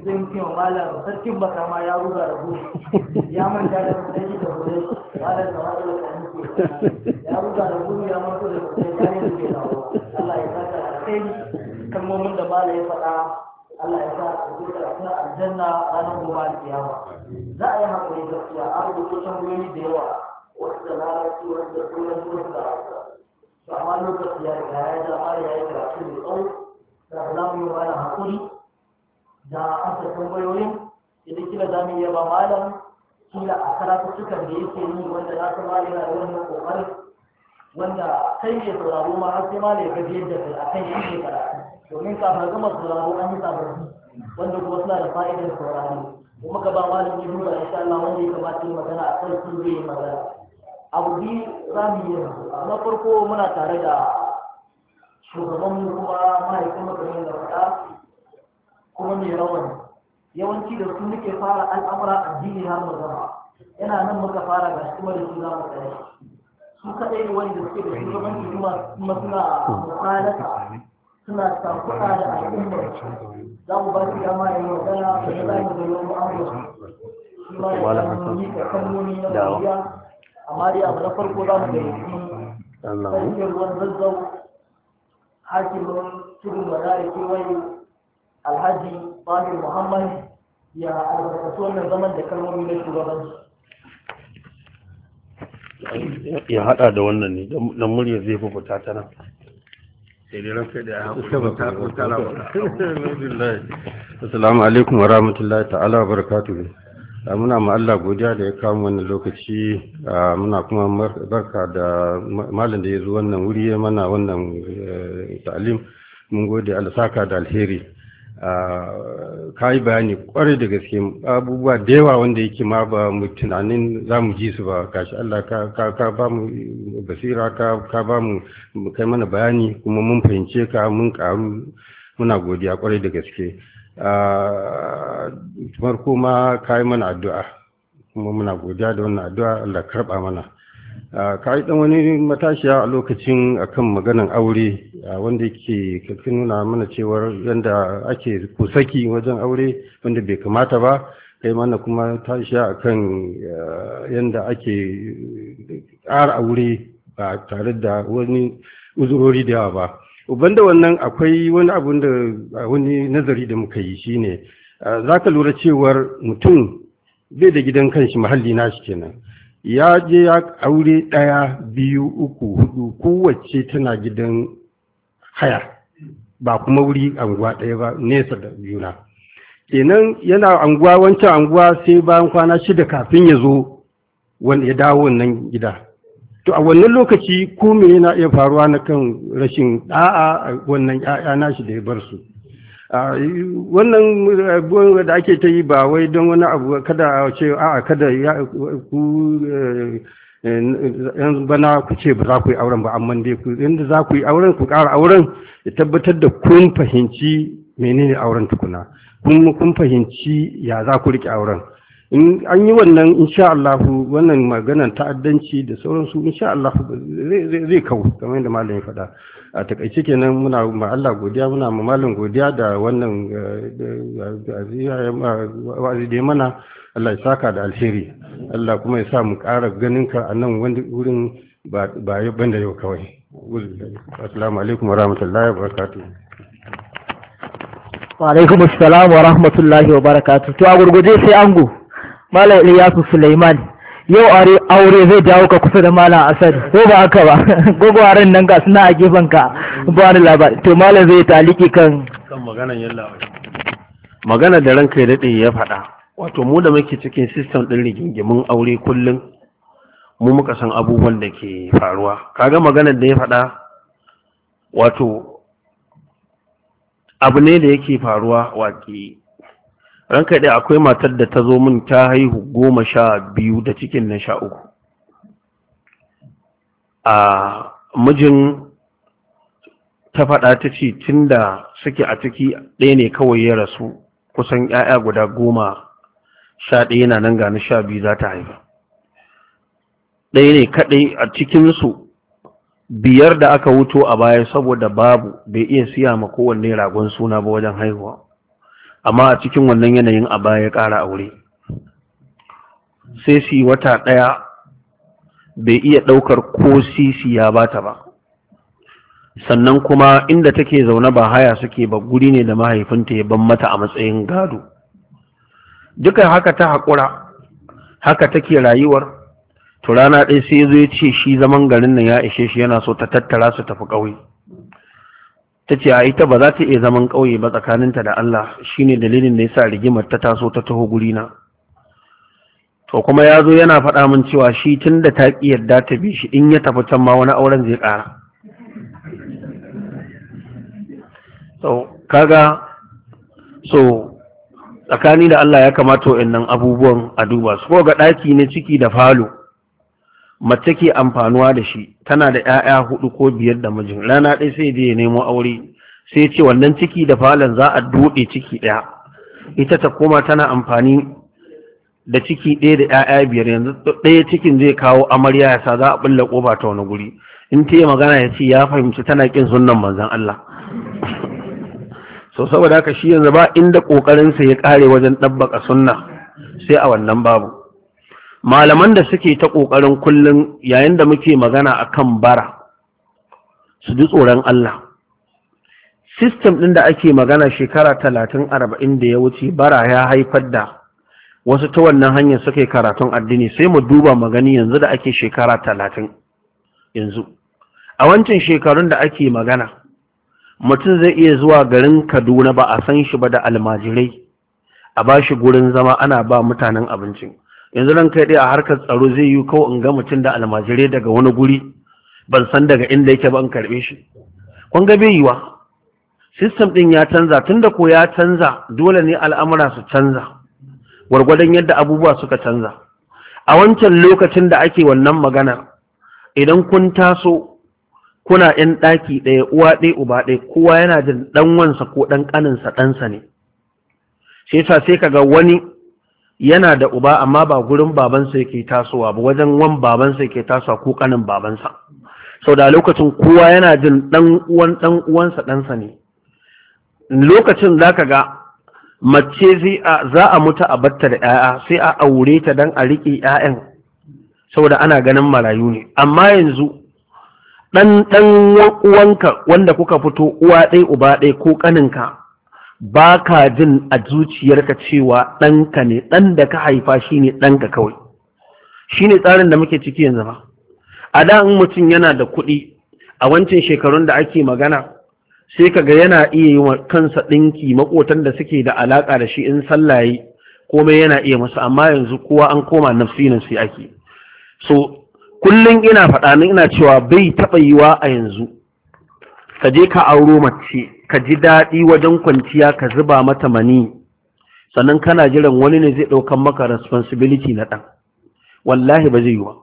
zai mutum malam sarkin baka ma ya ruga da gudu ya manta da mutane da gudu malam da malam da mutu ya ruga da gudu ya manta da mutane ya yi da dawo Allah ya saka alkhairi kalmomin da malam ya faɗa Allah ya sa a duka a aljanna ranar gobe kiyama za a yi haƙuri hakuri gaskiya a rubuta tambayoyi da yawa wasu da larabci wasu da turanci wasu da hausa to amma lokaci ya riga ya ja ya yi karatu da tsawo da za mu yi mana hakuri da aka tambayoyin idan kila za mu iya ba malam kila a karatuttukan da yake yi wanda na san yana da wannan wanda kai ne sauraro ma har sai malam ya gaje da kai akan shi ne karatu domin kafin gama sauraro an yi sababbi wanda kuma suna da fa'idar sauraro kuma ka ba malam ya duba insha Allah wanda ya kamata yi magana a kan sun zai magana abu bi za mu yi na farko muna tare da shugabanmu kuma mahaifin makarin da kuma mai rawani yawanci da su muke fara al'amura a jini har mu gama yana nan muka fara ga kuma da su za mu tsaya su kaɗai ne wani da suke da shugabanci kuma kuma suna mukalata suna takuɗa da al'ummar za mu ba su dama ya yi magana da za mu zai wani amurka shi ma ya kalmomi da kalmomi na kuriya amma dai abu na farko za mu ga yanzu sarkin ruwan zazzau hakimin tudun wadda da kewaye alhaji fahim Muhammad ya albarkatu wannan zaman da kalmomi na shugabanci. Ya hada da wannan ne, don murya zai fi fita ta nan. Sai Assalamu alaikum wa rahmatullahi ta'ala wa barakatuhu. Ah, muna ma Allah godiya da ya kawo wannan lokaci ah, muna kuma barka da malam da ya zo wannan wuri ya mana wannan eh, ta'alim mun gode alasaka da alheri Ah, ka yi bayani kwarai da gaske abubuwa da yawa wanda yake ma ba mu tunanin za mu ji su ba kashi Allah ka ba mu basira ka ba mu kai mana bayani kuma mun fahimce ka mun karu muna godiya kwarai da gaske ah, farko ma ka yi mana addu'a kuma muna godiya da wannan addu'a Allah karɓa mana Ah, ka yi wani matashiya a lokacin akan maganan aure ah, wanda ke kafin nuna mana cewar yadda ake kusaki wajen aure wanda bai kamata ba kai mana kuma tashiya akan ah, yadda ake ƙara aure ba tare da wani uzurori da yawa ba uban da wannan akwai wani abun da wani nazari da muka yi shine za ka lura cewar mutum bai da gidan kanshi mahalli nashi kenan ya je ya aure ɗaya biyu uku hudu kowace tana gidan haya ba kuma wuri anguwa ɗaya ba nesa da juna kenan yana anguwa wancan anguwa sai bayan kwana shida kafin ya zo wani ya dawo wannan gida to a wannan lokaci ko yana iya faruwa na kan rashin ɗa'a wannan 'ya'ya nashi da ya bar su wannan eh, abubuwan da ake ta yi ba wai don wani abu kada a ce a kada ku eh, eh, yan bana ku ce ba za ku yi auren ba amma dai ku inda za ku yi auren ku ƙara auren ya tabbatar da kun fahimci menene auren tukuna kun kun fahimci ya za ku riƙe auren in an yi wannan insha Allah wannan maganar ta'addanci da sauransu insha Allah zai kawo kamar yadda malam ya faɗa a takaice kenan muna ma Allah godiya muna ma malam godiya da wannan wa'azi da mana Allah ya saka da alheri Allah kuma ya sa mu ƙara ganin ka a nan wurin ba ya banda yau kawai assalamu alaikum wa rahmatullahi wa barakatuh wa alaikum assalam wa rahmatullahi wa barakatuh to a gurguje sai ango malam Ilyasu Suleiman yau aure zai dawo ka kusa da malam Asad ko ba haka ba gwagwaran (laughs) nan ga suna a gefen ka ba ni labari to malam zai taliki kan kan maganar yalla magana da ranka ya dade ya faɗa wato mu da muke cikin system din rigingimin aure kullum mu muka san abubuwan da ke faruwa kaga maganar da ya faɗa wato abu ne da yake faruwa wato ranka dai akwai matar da ta zo min ta haihu goma sha biyu da cikin na sha uku a mijin ta faɗa ta ce tun da suke a ciki ɗaya ne kawai ya rasu kusan 'ya'ya guda goma sha ɗaya na nan gani sha biyu za ta haifa ɗaya ne kaɗai a cikinsu biyar da aka wuto a baya saboda babu bai iya siya ma kowanne ragon suna ba wajen haihuwa amma a cikin wannan yanayin a baya ya ƙara aure sai su wata ɗaya bai iya ɗaukar ko sisi ya bata ba sannan kuma inda take zaune ba haya suke ba guri ne da mahaifinta ya ban mata a matsayin gado duka haka ta haƙura haka take rayuwar to rana ɗaya sai zo ya ce shi zaman garin nan ya ishe shi yana so ta tattara su tafi ƙauye ta ce a ita ba za ta iya zaman ƙauye ba tsakaninta da Allah shi ne dalilin da ya sa rigimar ta taso ta taho gurina to kuma ya zo yana faɗa min cewa shi tun da ta ƙi yarda ta bi shi in ya tafi can ma wani auren zai ƙara so kaga so tsakani da Allah ya kamata nan abubuwan a duba su ko ga ɗaki na ciki da falo mace ke amfanuwa da shi tana da 'ya'ya hudu ko biyar da mijin rana ɗaya sai je ya nemo aure sai ce wannan ciki da falon za a duɗe ciki ɗaya ita ta koma tana amfani da ciki ɗaya da 'ya'ya biyar yanzu ɗaya cikin zai kawo amarya ya sa za a ɓulla ƙofa ta wani guri in ta yi magana ya ce ya fahimci tana ƙin sunan manzan Allah so saboda haka shi yanzu ba inda ƙoƙarinsa ya ƙare wajen ɗabbaka sunna sai a wannan babu malaman da suke ta ƙoƙarin kullum yayin da muke magana akan kan bara su ji tsoron Allah sistem ɗin da ake magana shekara talatin arba'in da ya wuce bara ya haifar da wasu ta wannan hanyar suke karatun addini sai mu duba magani yanzu da ake shekara talatin yanzu a wancan shekarun da ake magana mutum zai iya zuwa garin kaduna ba a san shi ba da almajirai a ba shi gurin zama ana ba mutanen abincin yanzu ran kai a harkar tsaro zai yi kawai in ga mutum da almajirai daga wani guri ban san daga inda yake ba in karbe shi kun ga bai yiwa system din ya canza tunda ko ya canza dole ne al'amura su canza gwargwadon yadda abubuwa suka canza a wancan lokacin da ake wannan magana idan kun taso kuna yan daki ɗaya uwa ɗaya uba ɗaya kowa yana jin ɗan wansa ko ɗan ƙaninsa ɗansa ne sai sa sai ga wani yana da uba amma ba gurin babansa yake tasowa ba wajen wan babansa yake tasowa ko kanin babansa sau da lokacin kowa yana jin dan uwan dan uwansa ɗansa ne lokacin za ka ga mace za a mutu a batta da 'ya'ya sai a aure ta dan a riƙe 'ya'yan saboda ana ganin marayu ne amma yanzu ɗan ɗan uwanka wanda kuka fito uwa ɗai uba ɗai ko ƙaninka ba ka jin a zuciyarka cewa ɗanka ne ɗan da ka haifa shi ne ɗanka kawai shi ne tsarin da muke ciki yanzu ba a da in mutum yana da kuɗi a wancan shekarun da ake magana sai ka ga yana iya yi wa kansa ɗinki makotan da suke da alaƙa da shi in sallaye komai yana iya masa amma yanzu kowa an koma nafsi sai ake so kullum ina faɗa ina cewa bai taɓa yiwa a yanzu ka je ka auro mace ka ji daɗi wajen kwanciya ka zuba mata mani sannan kana jiran wani ne zai ɗaukan maka responsibility na ɗan wallahi ba zai yi wa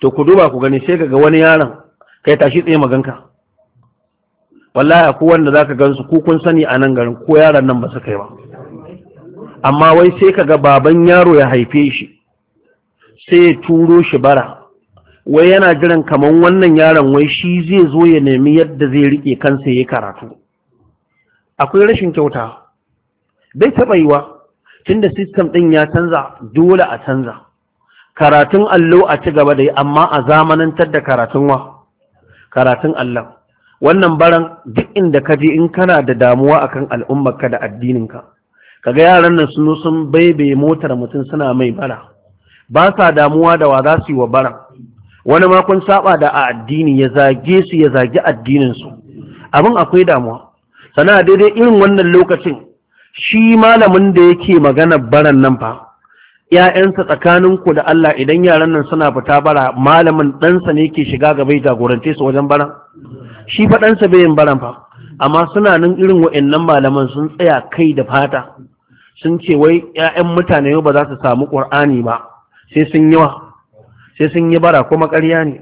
to ku duba ku gani sai ga wani yaron kai tashi tsaye maganka wallahi ko wanda zaka gansu ko kun sani a nan garin ko yaron nan ba su kai ba amma wai sai kaga baban yaro ya haife shi sai ya turo shi bara wai yana jiran kaman wannan yaron wai shi zai zo ya nemi yadda zai rike kansa ya karatu akwai rashin kyauta bai taɓa yiwa tunda sistem ɗin ya canza dole a canza karatun allo a ci gaba da yi amma a zamanantar da karatun karatun allon wannan baran duk inda ka je in kana da damuwa akan al'ummarka da addininka ga yaran nan sun sun baibe motar mutum suna mai bara ba sa damuwa da wa za su yi wa baran wani makon saba da a addini ya zage su ya zage addinin su abin akwai damuwa sana daidai irin wannan lokacin shi malamin da yake magana baran nan fa ‘ya'yansa tsakaninku da Allah idan yaran nan suna fita bara malamin ɗansa ne ke shiga gaba ya jagorance su wajen baran shi fa ɗansa bai yin baran fa amma suna nan irin wa'annan malaman sun tsaya kai da fata sun ce wai ‘ya'yan mutane ba za su samu ƙur'ani ba sai sun yi sai sun yi bara kuma ƙarya ne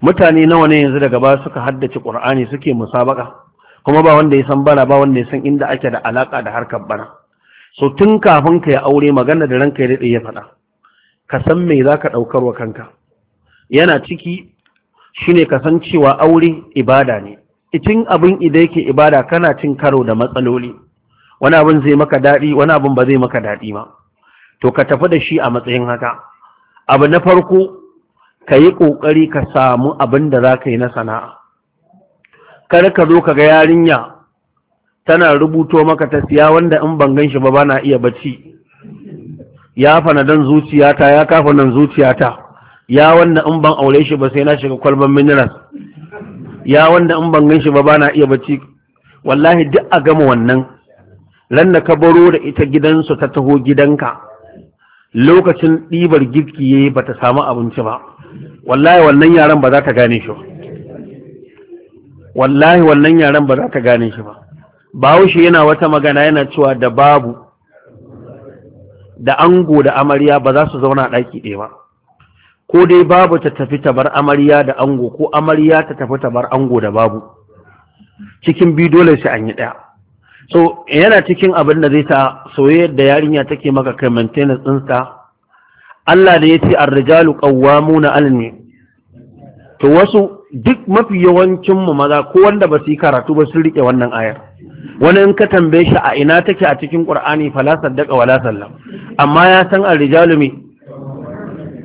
mutane nawa ne yanzu daga ba suka haddace ƙur'ani suke musabaka kuma ba wanda ya san bara ba wanda ya san inda ake da alaka da harkar bana. so tun kafin ka ya aure magana da ranka ya daɗe ya faɗa ka san me za ka ɗaukar wa kanka yana ciki shine ka san cewa aure ibada ne itin abin idan yake ibada kana cin karo da matsaloli wani abin zai maka daɗi wani abin ba zai maka daɗi ba to ka tafi da shi a matsayin haka abu na farko ka yi ƙoƙari ka samu abin da za ka yi na sana'a kar ka zo ka ga yarinya tana rubuto maka ta siya wanda in ban ganshi ba bana iya bacci ya dan zuciyata ya kafa nan zuciyata ya wanda in ban aure shi ba sai na shiga kwalban minerals ya wanda in ban ganshi ba bana iya bacci wallahi duk a gama wannan ran da ka baro da ita gidansu ta taho gidanka lokacin ɗibar girki yayi bata samu abinci ba wallahi wannan yaran ba za ta gane shi ba wallahi wannan yaren ba za ka gane shi ba bahaushe yana wata magana yana cewa da babu da ango da amarya ba za su zauna ɗaki ɗaya ba ko dai babu ta tafi ta bar amarya da ango ko amarya ta tafi ta bar ango da babu cikin biyu dole sai an yi ɗaya so yana cikin abin da zai sa soyayyar da yarinya take maka kai maintenance ɗinsa Allah da ya ce arrijalu qawwamuna alni to wasu duk mafi yawancin mu maza ko wanda ba su yi karatu ba sun rike wannan ayar wani in ka tambaye shi a ina take a cikin qur'ani fala saddaka wala sallam amma ya san ar-rijalu mi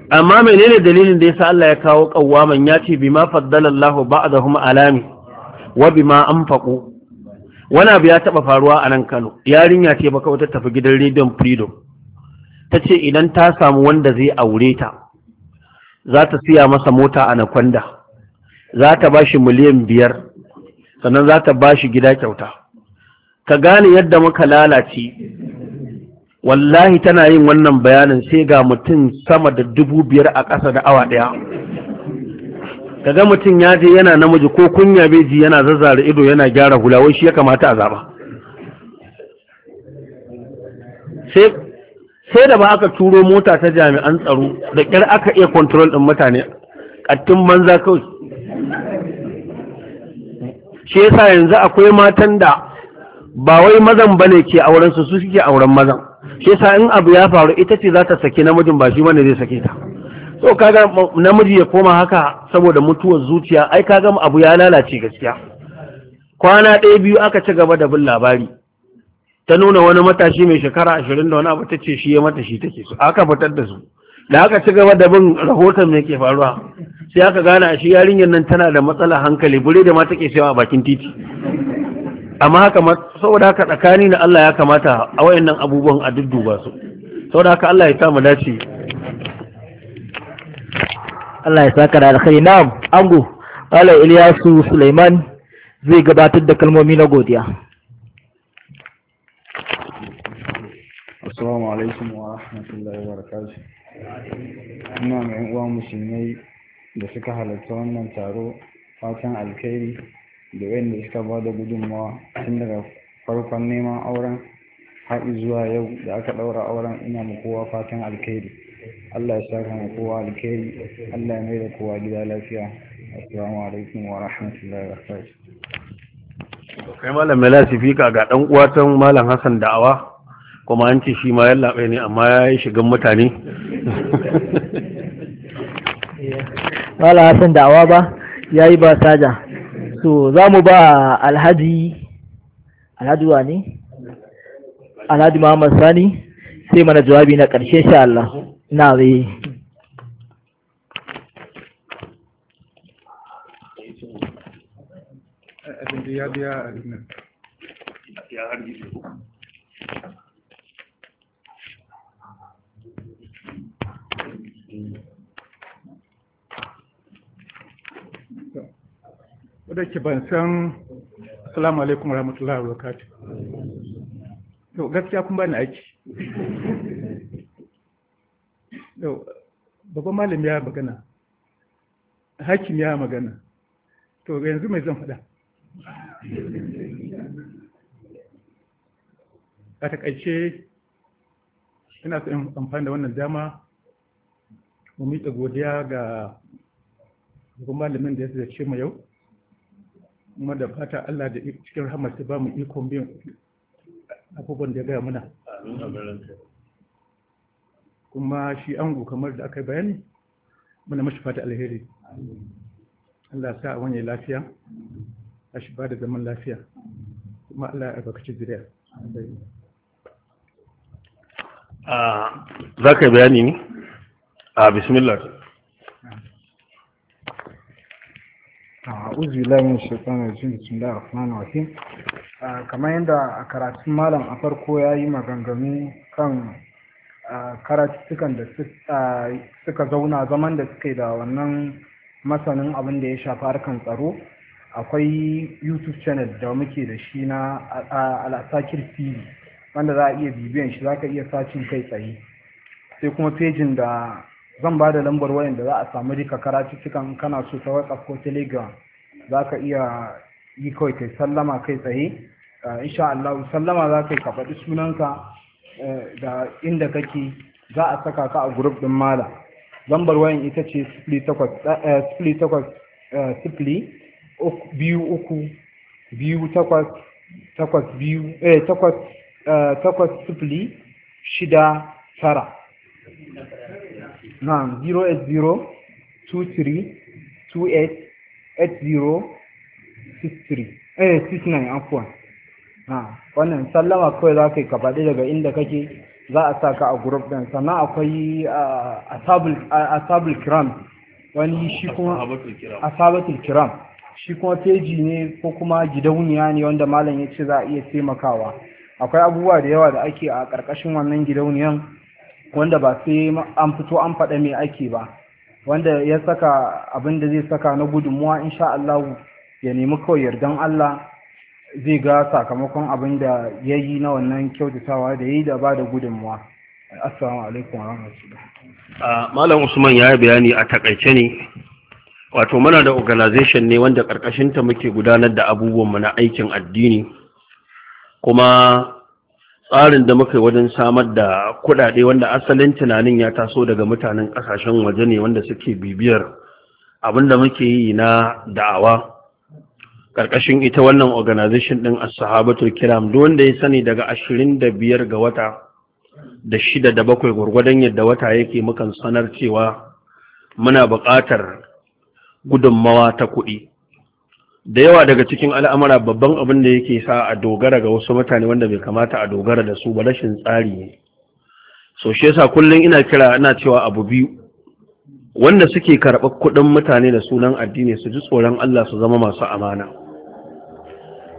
amma menene dalilin da yasa Allah ya kawo qawwaman ya ce bima faddala Allahu ba'dahum alami wa bima anfaqu wani abu ya taba faruwa a nan Kano yarinya ce baka ta tafi gidan rediyon Freedom tace idan ta samu wanda zai aure ta za ta siya masa mota a Nakwanda za ta ba shi miliyan biyar sannan za ta ba shi gida kyauta ka gane yadda muka lalace wallahi tana yin wannan bayanin sai ga mutum sama da dubu biyar a ƙasa da awa ɗaya Ka ga mutum ya je yana namiji ko kunya beji yana zazzara ido yana gyara hula shi ya kamata a zaba sai da ba aka turo mota ta jami'an tsaro da ƙyar aka iya kontrol ɗin mutane ƙattun banza kawai shi yasa yanzu akwai matan da ba wai mazan bane ke auren su su suke auren mazan shi yasa in abu ya faru ita ce za ta saki namijin ba shi bane zai sake ta so kaga namiji ya koma haka saboda mutuwar zuciya ai kaga abu ya lalace gaskiya kwana ɗaya biyu aka ci gaba da bin labari ta nuna wani matashi mai shekara ashirin da wani abu ta ce shi ya mata shi take su aka fitar da su da aka ci gaba da bin rahoton mai ke faruwa sai aka gane shi yarinyar nan tana da matsala hankali bure da ma take sayawa a bakin titi amma haka saboda haka tsakani na Allah ya kamata a wayannan abubuwan a dudduba su saboda haka Allah ya sa mu dace Allah ya saka da alkhairi na'am ango Ala Ilyasu Suleiman zai gabatar da kalmomi na godiya Assalamu alaikum wa rahmatullahi wa barakatuh ina mai uwa musulmai da suka halatta wannan taro fatan alkhairi da wanda suka ba da gudunmawa tun daga farkon neman auren har zuwa yau da aka ɗaura auren ina mu kowa fatan alkhairi Allah ya ka mu kowa alkhairi Allah ya mai da kowa gida lafiya assalamu alaikum wa rahmatullahi wa barakatuh kai malam ka ga dan uwatan malam Hassan da'awa kuma an ce shi ma yallaɓe ne amma ya yi shigan mutane wala hassan da'awa ba ya yi ba saja so za mu ba alhaji alhaji wa ne alhaji muhammad sani sai mana jawabi na ƙarshe sha Allah na zai eh, eh, ya biya a da ke ban san assalamu alaikum rahmatullahi wa barakatuh to gaskiya kun bani aiki to babban malami ya magana hakim ya magana to yanzu mai zan faɗa a takaice ina son amfani da wannan dama mu miƙa godiya ga babban malamin da ya ce mu yau kuma da fata Allah da cikin rahmarsa ba mu ikon bin abubuwan da ya gaya muna kuma shi ango kamar da aka bayani muna mashi fata alheri Allah sa a wani lafiya a shi ba da zaman lafiya kuma Allah ya albarkaci zuriya ah, za ka bayani ne a ah, bismillah a'udhu billahi minash shaitanir rajim bismillahir rahmanir rahim ah, kamar yadda a karatun malam a farko ya yi maganganu kan ah, karatuttukan da ah, suka zauna zaman da suka yi da wannan masanin abin da ya shafa harkan tsaro akwai youtube channel da muke da shi na al'asakir tv wanda za a iya bibiyan shi za ka iya sacin kai tsaye sai kuma pejin da zan ba da lambar wayan da za a samu rika cikin kana so ta whatsapp ko telegram za ka iya yi kawai kai sallama kai tsaye eh, insha Allah sallama za ka yi ka sunanka eh, da inda kake za a saka ka a group ɗin mala lambar wayan ita ce sifili takwas eh, sifili biyu uku biyu takwas takwas biyu takwas sifili shida tara Na'am 080 23 28 80 69 wannan sallama kawai za ka yi daga inda kake za a sa ka a group ɗin sannan akwai asabul kiram wani shi kiram shi kuma ne ko kuma gidauniya ne wanda malam ya ce za a iya taimakawa akwai abubuwa da yawa da ake a ƙarƙashin wannan gidauniyan wanda ba sai an fito an faɗa mai ake ba wanda ya saka abin da zai saka na gudunmuwa insha Allah ya nemi kawai yardan Allah zai ga sakamakon abin da ya yi na wannan kyautatawa da ya yi da ba da gudunmuwa assalamu alaikum wa malam usman ya yi bayani a takaice ne wato muna da organization ne wanda ƙarƙashinta muke gudanar da abubuwan mu na aikin addini kuma tsarin da muka wajen samar da kuɗaɗe wanda asalin tunanin ya taso daga mutanen ƙasashen waje ne wanda suke bibiyar abinda muke yi na da'awa ƙarƙashin ita wannan organization ɗin sahabatul kiram duk wanda ya sani daga ashirin da biyar ga wata da shida da bakwai gwargwadon yadda wata yake mukan sanar cewa muna buƙatar gudunmawa ta kuɗi da yawa daga cikin al'amura babban abin da yake sa a dogara ga wasu mutane wanda bai kamata a dogara da su ba rashin tsari ne so shi yasa kullum ina kira ina cewa abu biyu wanda suke karɓar kuɗin mutane da sunan addini su ji tsoron Allah su zama masu amana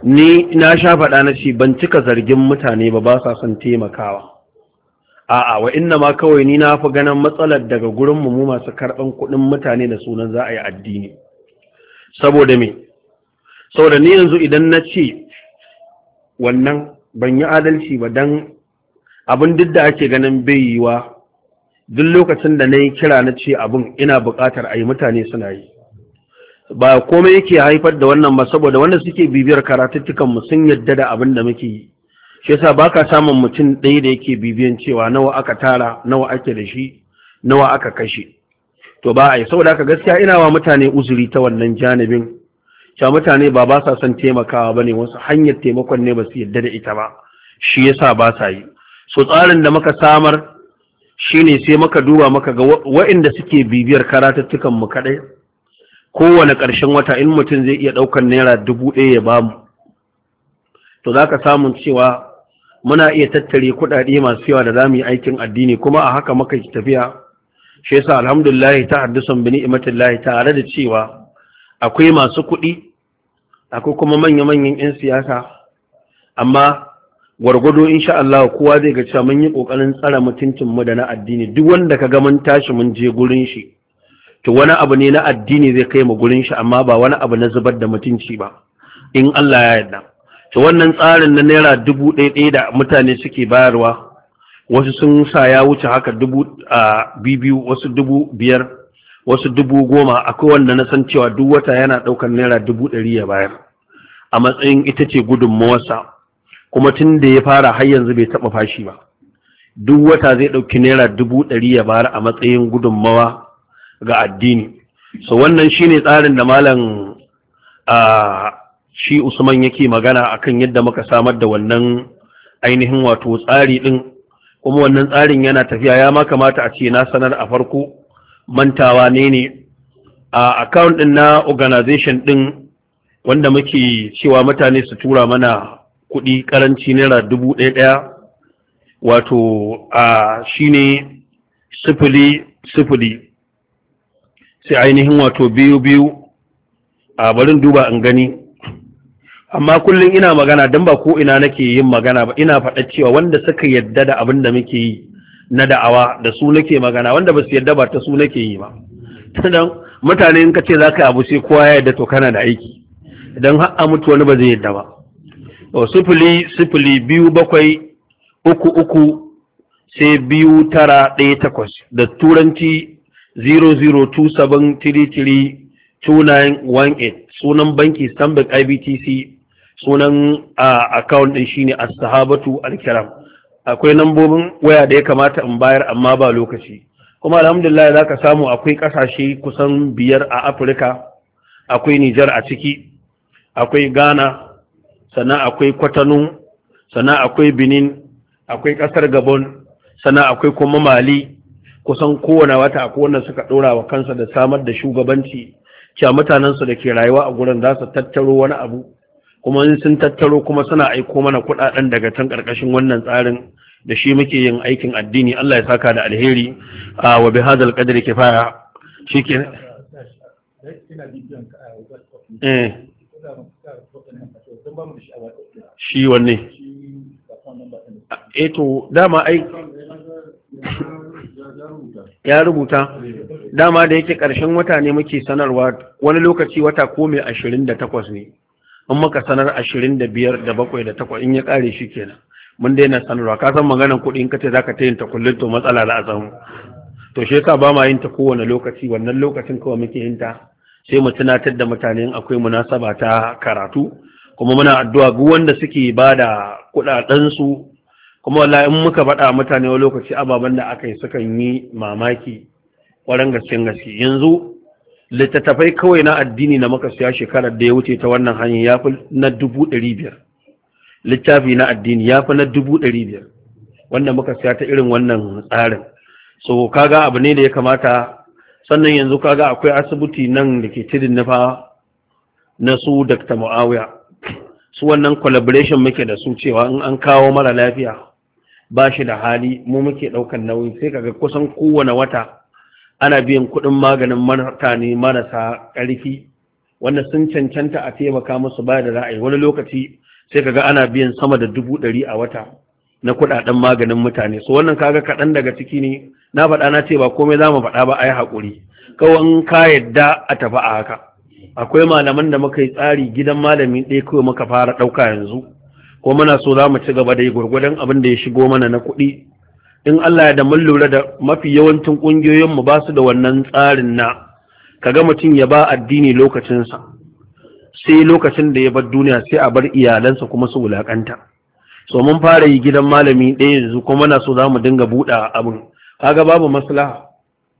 ni na sha faɗa na ce ban cika zargin mutane ba ba sa son taimakawa a'a wa inna ma kawai ni na fi ganin matsalar daga gurin mu masu karɓan kuɗin mutane da sunan za a yi addini saboda me saboda ni yanzu idan na ce wannan ban yi adalci ba don abin duk da ake ganin bai wa duk lokacin da na yi kira na ce abin ina buƙatar a yi mutane suna yi ba komai yake haifar da wannan ba saboda wanda suke bibiyar mu sun yadda da abin da muke yi shi yasa ba ka samun mutum ɗaya da yake bibiyan cewa nawa aka tara nawa ake da shi nawa aka kashe to ba a yi saboda haka gaskiya ina wa mutane uzuri ta wannan janibin cewa mutane ba ba sa son taimakawa ba ne wasu hanyar taimakon ne ba su yarda da ita ba shi yasa ba sa yi so tsarin da muka samar shine sai muka duba muka ga waɗanda suke bibiyar karatattukan mu kaɗai kowane ƙarshen wata in mutum zai iya ɗaukar naira dubu ɗaya ya bamu to za ka samun cewa muna iya tattare kuɗaɗe masu yawa da za mu yi aikin addini kuma a haka muka tafiya shi yasa alhamdulilahi ta haddusan bini imatullahi tare da cewa akwai masu kuɗi akwai kuma manya-manyan 'yan siyasa amma gwargwado insha Allah kowa zai ga cewa mun yi kokarin tsara mutuncin mu da na addini duk wanda ka ga mun tashi mun je gurin shi to wani abu ne na addini zai kai mu gurin shi amma ba wani abu na zubar da mutunci ba in Allah ya yarda to wannan tsarin na naira dubu ɗaya ɗaya da mutane suke bayarwa wasu sun sa ya wuce haka dubu biyu wasu dubu biyar wasu dubu goma akwai wanda na san cewa duk wata yana ɗaukar naira dubu ɗari ya bayar a matsayin ita ce gudunmawarsa kuma tun da ya fara har yanzu bai taɓa fashi ba duk wata zai ɗauki naira dubu ɗari ya bayar a matsayin gudunmawa ga addini so wannan shine tsarin da malam shi usman yake magana akan yadda muka samar da wannan ainihin wato tsari ɗin kuma wannan tsarin yana tafiya ya ma kamata a ce na sanar a farko mantawa ne ne a account din na organization din wanda muke cewa mutane su tura mana kuɗi karanci naira dubu ɗaya ɗaya wato a shine sifili sifili sai ainihin wato biyu biyu a barin duba in gani amma kullum ina magana don ba ko ina nake yin magana ba ina faɗa cewa wanda suka yadda da abin da muke yi na da'awa da su nake magana wanda ba su yadda ba ta su nake yi ba dan mutane in ka ce za ka abu sai kowa ya yadda to kana da aiki idan har mutu wani ba zai yadda ba to sifili sifili biyu bakwai uku uku sai biyu tara ɗaya takwas da turanci 0027332918 sunan banki stanbic ibtc sunan a ah, account din shine as-sahabatu al-kiram akwai lambobin waya da ya kamata in bayar amma ba lokaci kuma alhamdulillah za ka samu akwai ƙasashe kusan biyar a afirka akwai nijar a ciki akwai ghana sannan akwai kwatano sannan akwai benin akwai kasar gabon sannan akwai kuma mali kusan kowane wata akwai wanda suka ɗora wa kansa da samar da shugabanci cewa mutanensu da ke rayuwa a gurin za su tattaro wani abu kuma in sun tattaro kuma suna aiko mana kuɗaɗen daga can ƙarƙashin wannan tsarin da shi muke yin aikin addini Allah ya saka da alheri a wa bi hadal qadri kifaya shike eh shi wanne eh to dama ai ya rubuta dama da yake ƙarshen wata ne muke sanarwa wani lokaci wata ko mai ashirin da takwas ne in muka sanar ashirin da biyar da bakwai da takwas in ya kare shi kenan mun daina sanarwa ka san maganar kuɗi in ka ce za ka ta yin ta kullum to matsala za a samu to shi yasa ba ma yin ta kowane lokaci wannan lokacin kawai muke yin ta sai mu tunatar da mutane in akwai munasaba ta karatu kuma muna addu'a ga wanda suke ba da kuɗaɗen su kuma wallahi in muka faɗa mutane wani lokaci ababen da aka yi sukan yi mamaki ƙwarar gaske gaske yanzu littattafai kawai na addini na maka shekarar da ya wuce ta wannan hanyar ya fi na dubu ɗari biyar littafi na addini ya fi na dubu ɗari biyar Wannan muka ta irin wannan tsarin so kaga abu ne da ya kamata sannan yanzu kaga akwai asibiti nan da ke tirin nufa na su dr mu'awiya su wannan collaboration muke da su cewa in an kawo mara lafiya ba shi da hali mu muke ɗaukar nauyi sai kaga kusan kowane wata ana biyan kuɗin maganin mutane marasa ƙarfi wanda sun cancanta a taimaka musu ba da ra'ayi wani lokaci sai kaga ana biyan sama da dubu ɗari a wata na kuɗaɗen maganin mutane so wannan kaga kaɗan daga ciki ne na faɗa na ce ba komai za mu faɗa ba a yi haƙuri kawai ka yadda a tafi a haka akwai malaman da muka yi tsari gidan malami ɗaya kawai muka fara ɗauka yanzu ko muna so za mu ci gaba da yi gwargwadon abin da ya shigo mana na kuɗi in Allah ya da mun lura da mafi yawancin ƙungiyoyin mu ba su da wannan tsarin na kaga mutum ya ba addini lokacinsa sai lokacin da ya bar duniya sai a bar iyalansa kuma su wulakanta so mun fara yi gidan malami ɗaya yanzu kuma na so za mu dinga buɗa abin kaga babu maslaha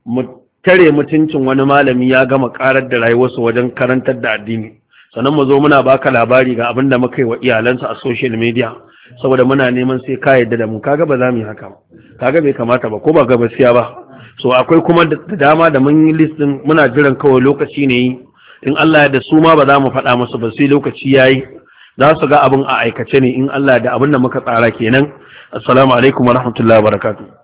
mu tare mutuncin wani malami ya gama karar da rayuwarsa wajen karantar da addini sannan mu zo muna baka labari ga abin da muka yi wa iyalansa a social media saboda muna neman sai ka yadda da mu kaga ba za mu yi haka kaga bai kamata ba ko ba gaskiya ba so akwai kuma da dama da mun yi list din muna jiran kawai lokaci ne in Allah ya da su ma ba za mu faɗa musu ba sai lokaci yayi za su ga abin a aikace ne in Allah da abin da muka tsara kenan assalamu alaikum wa rahmatullahi wa barakatuh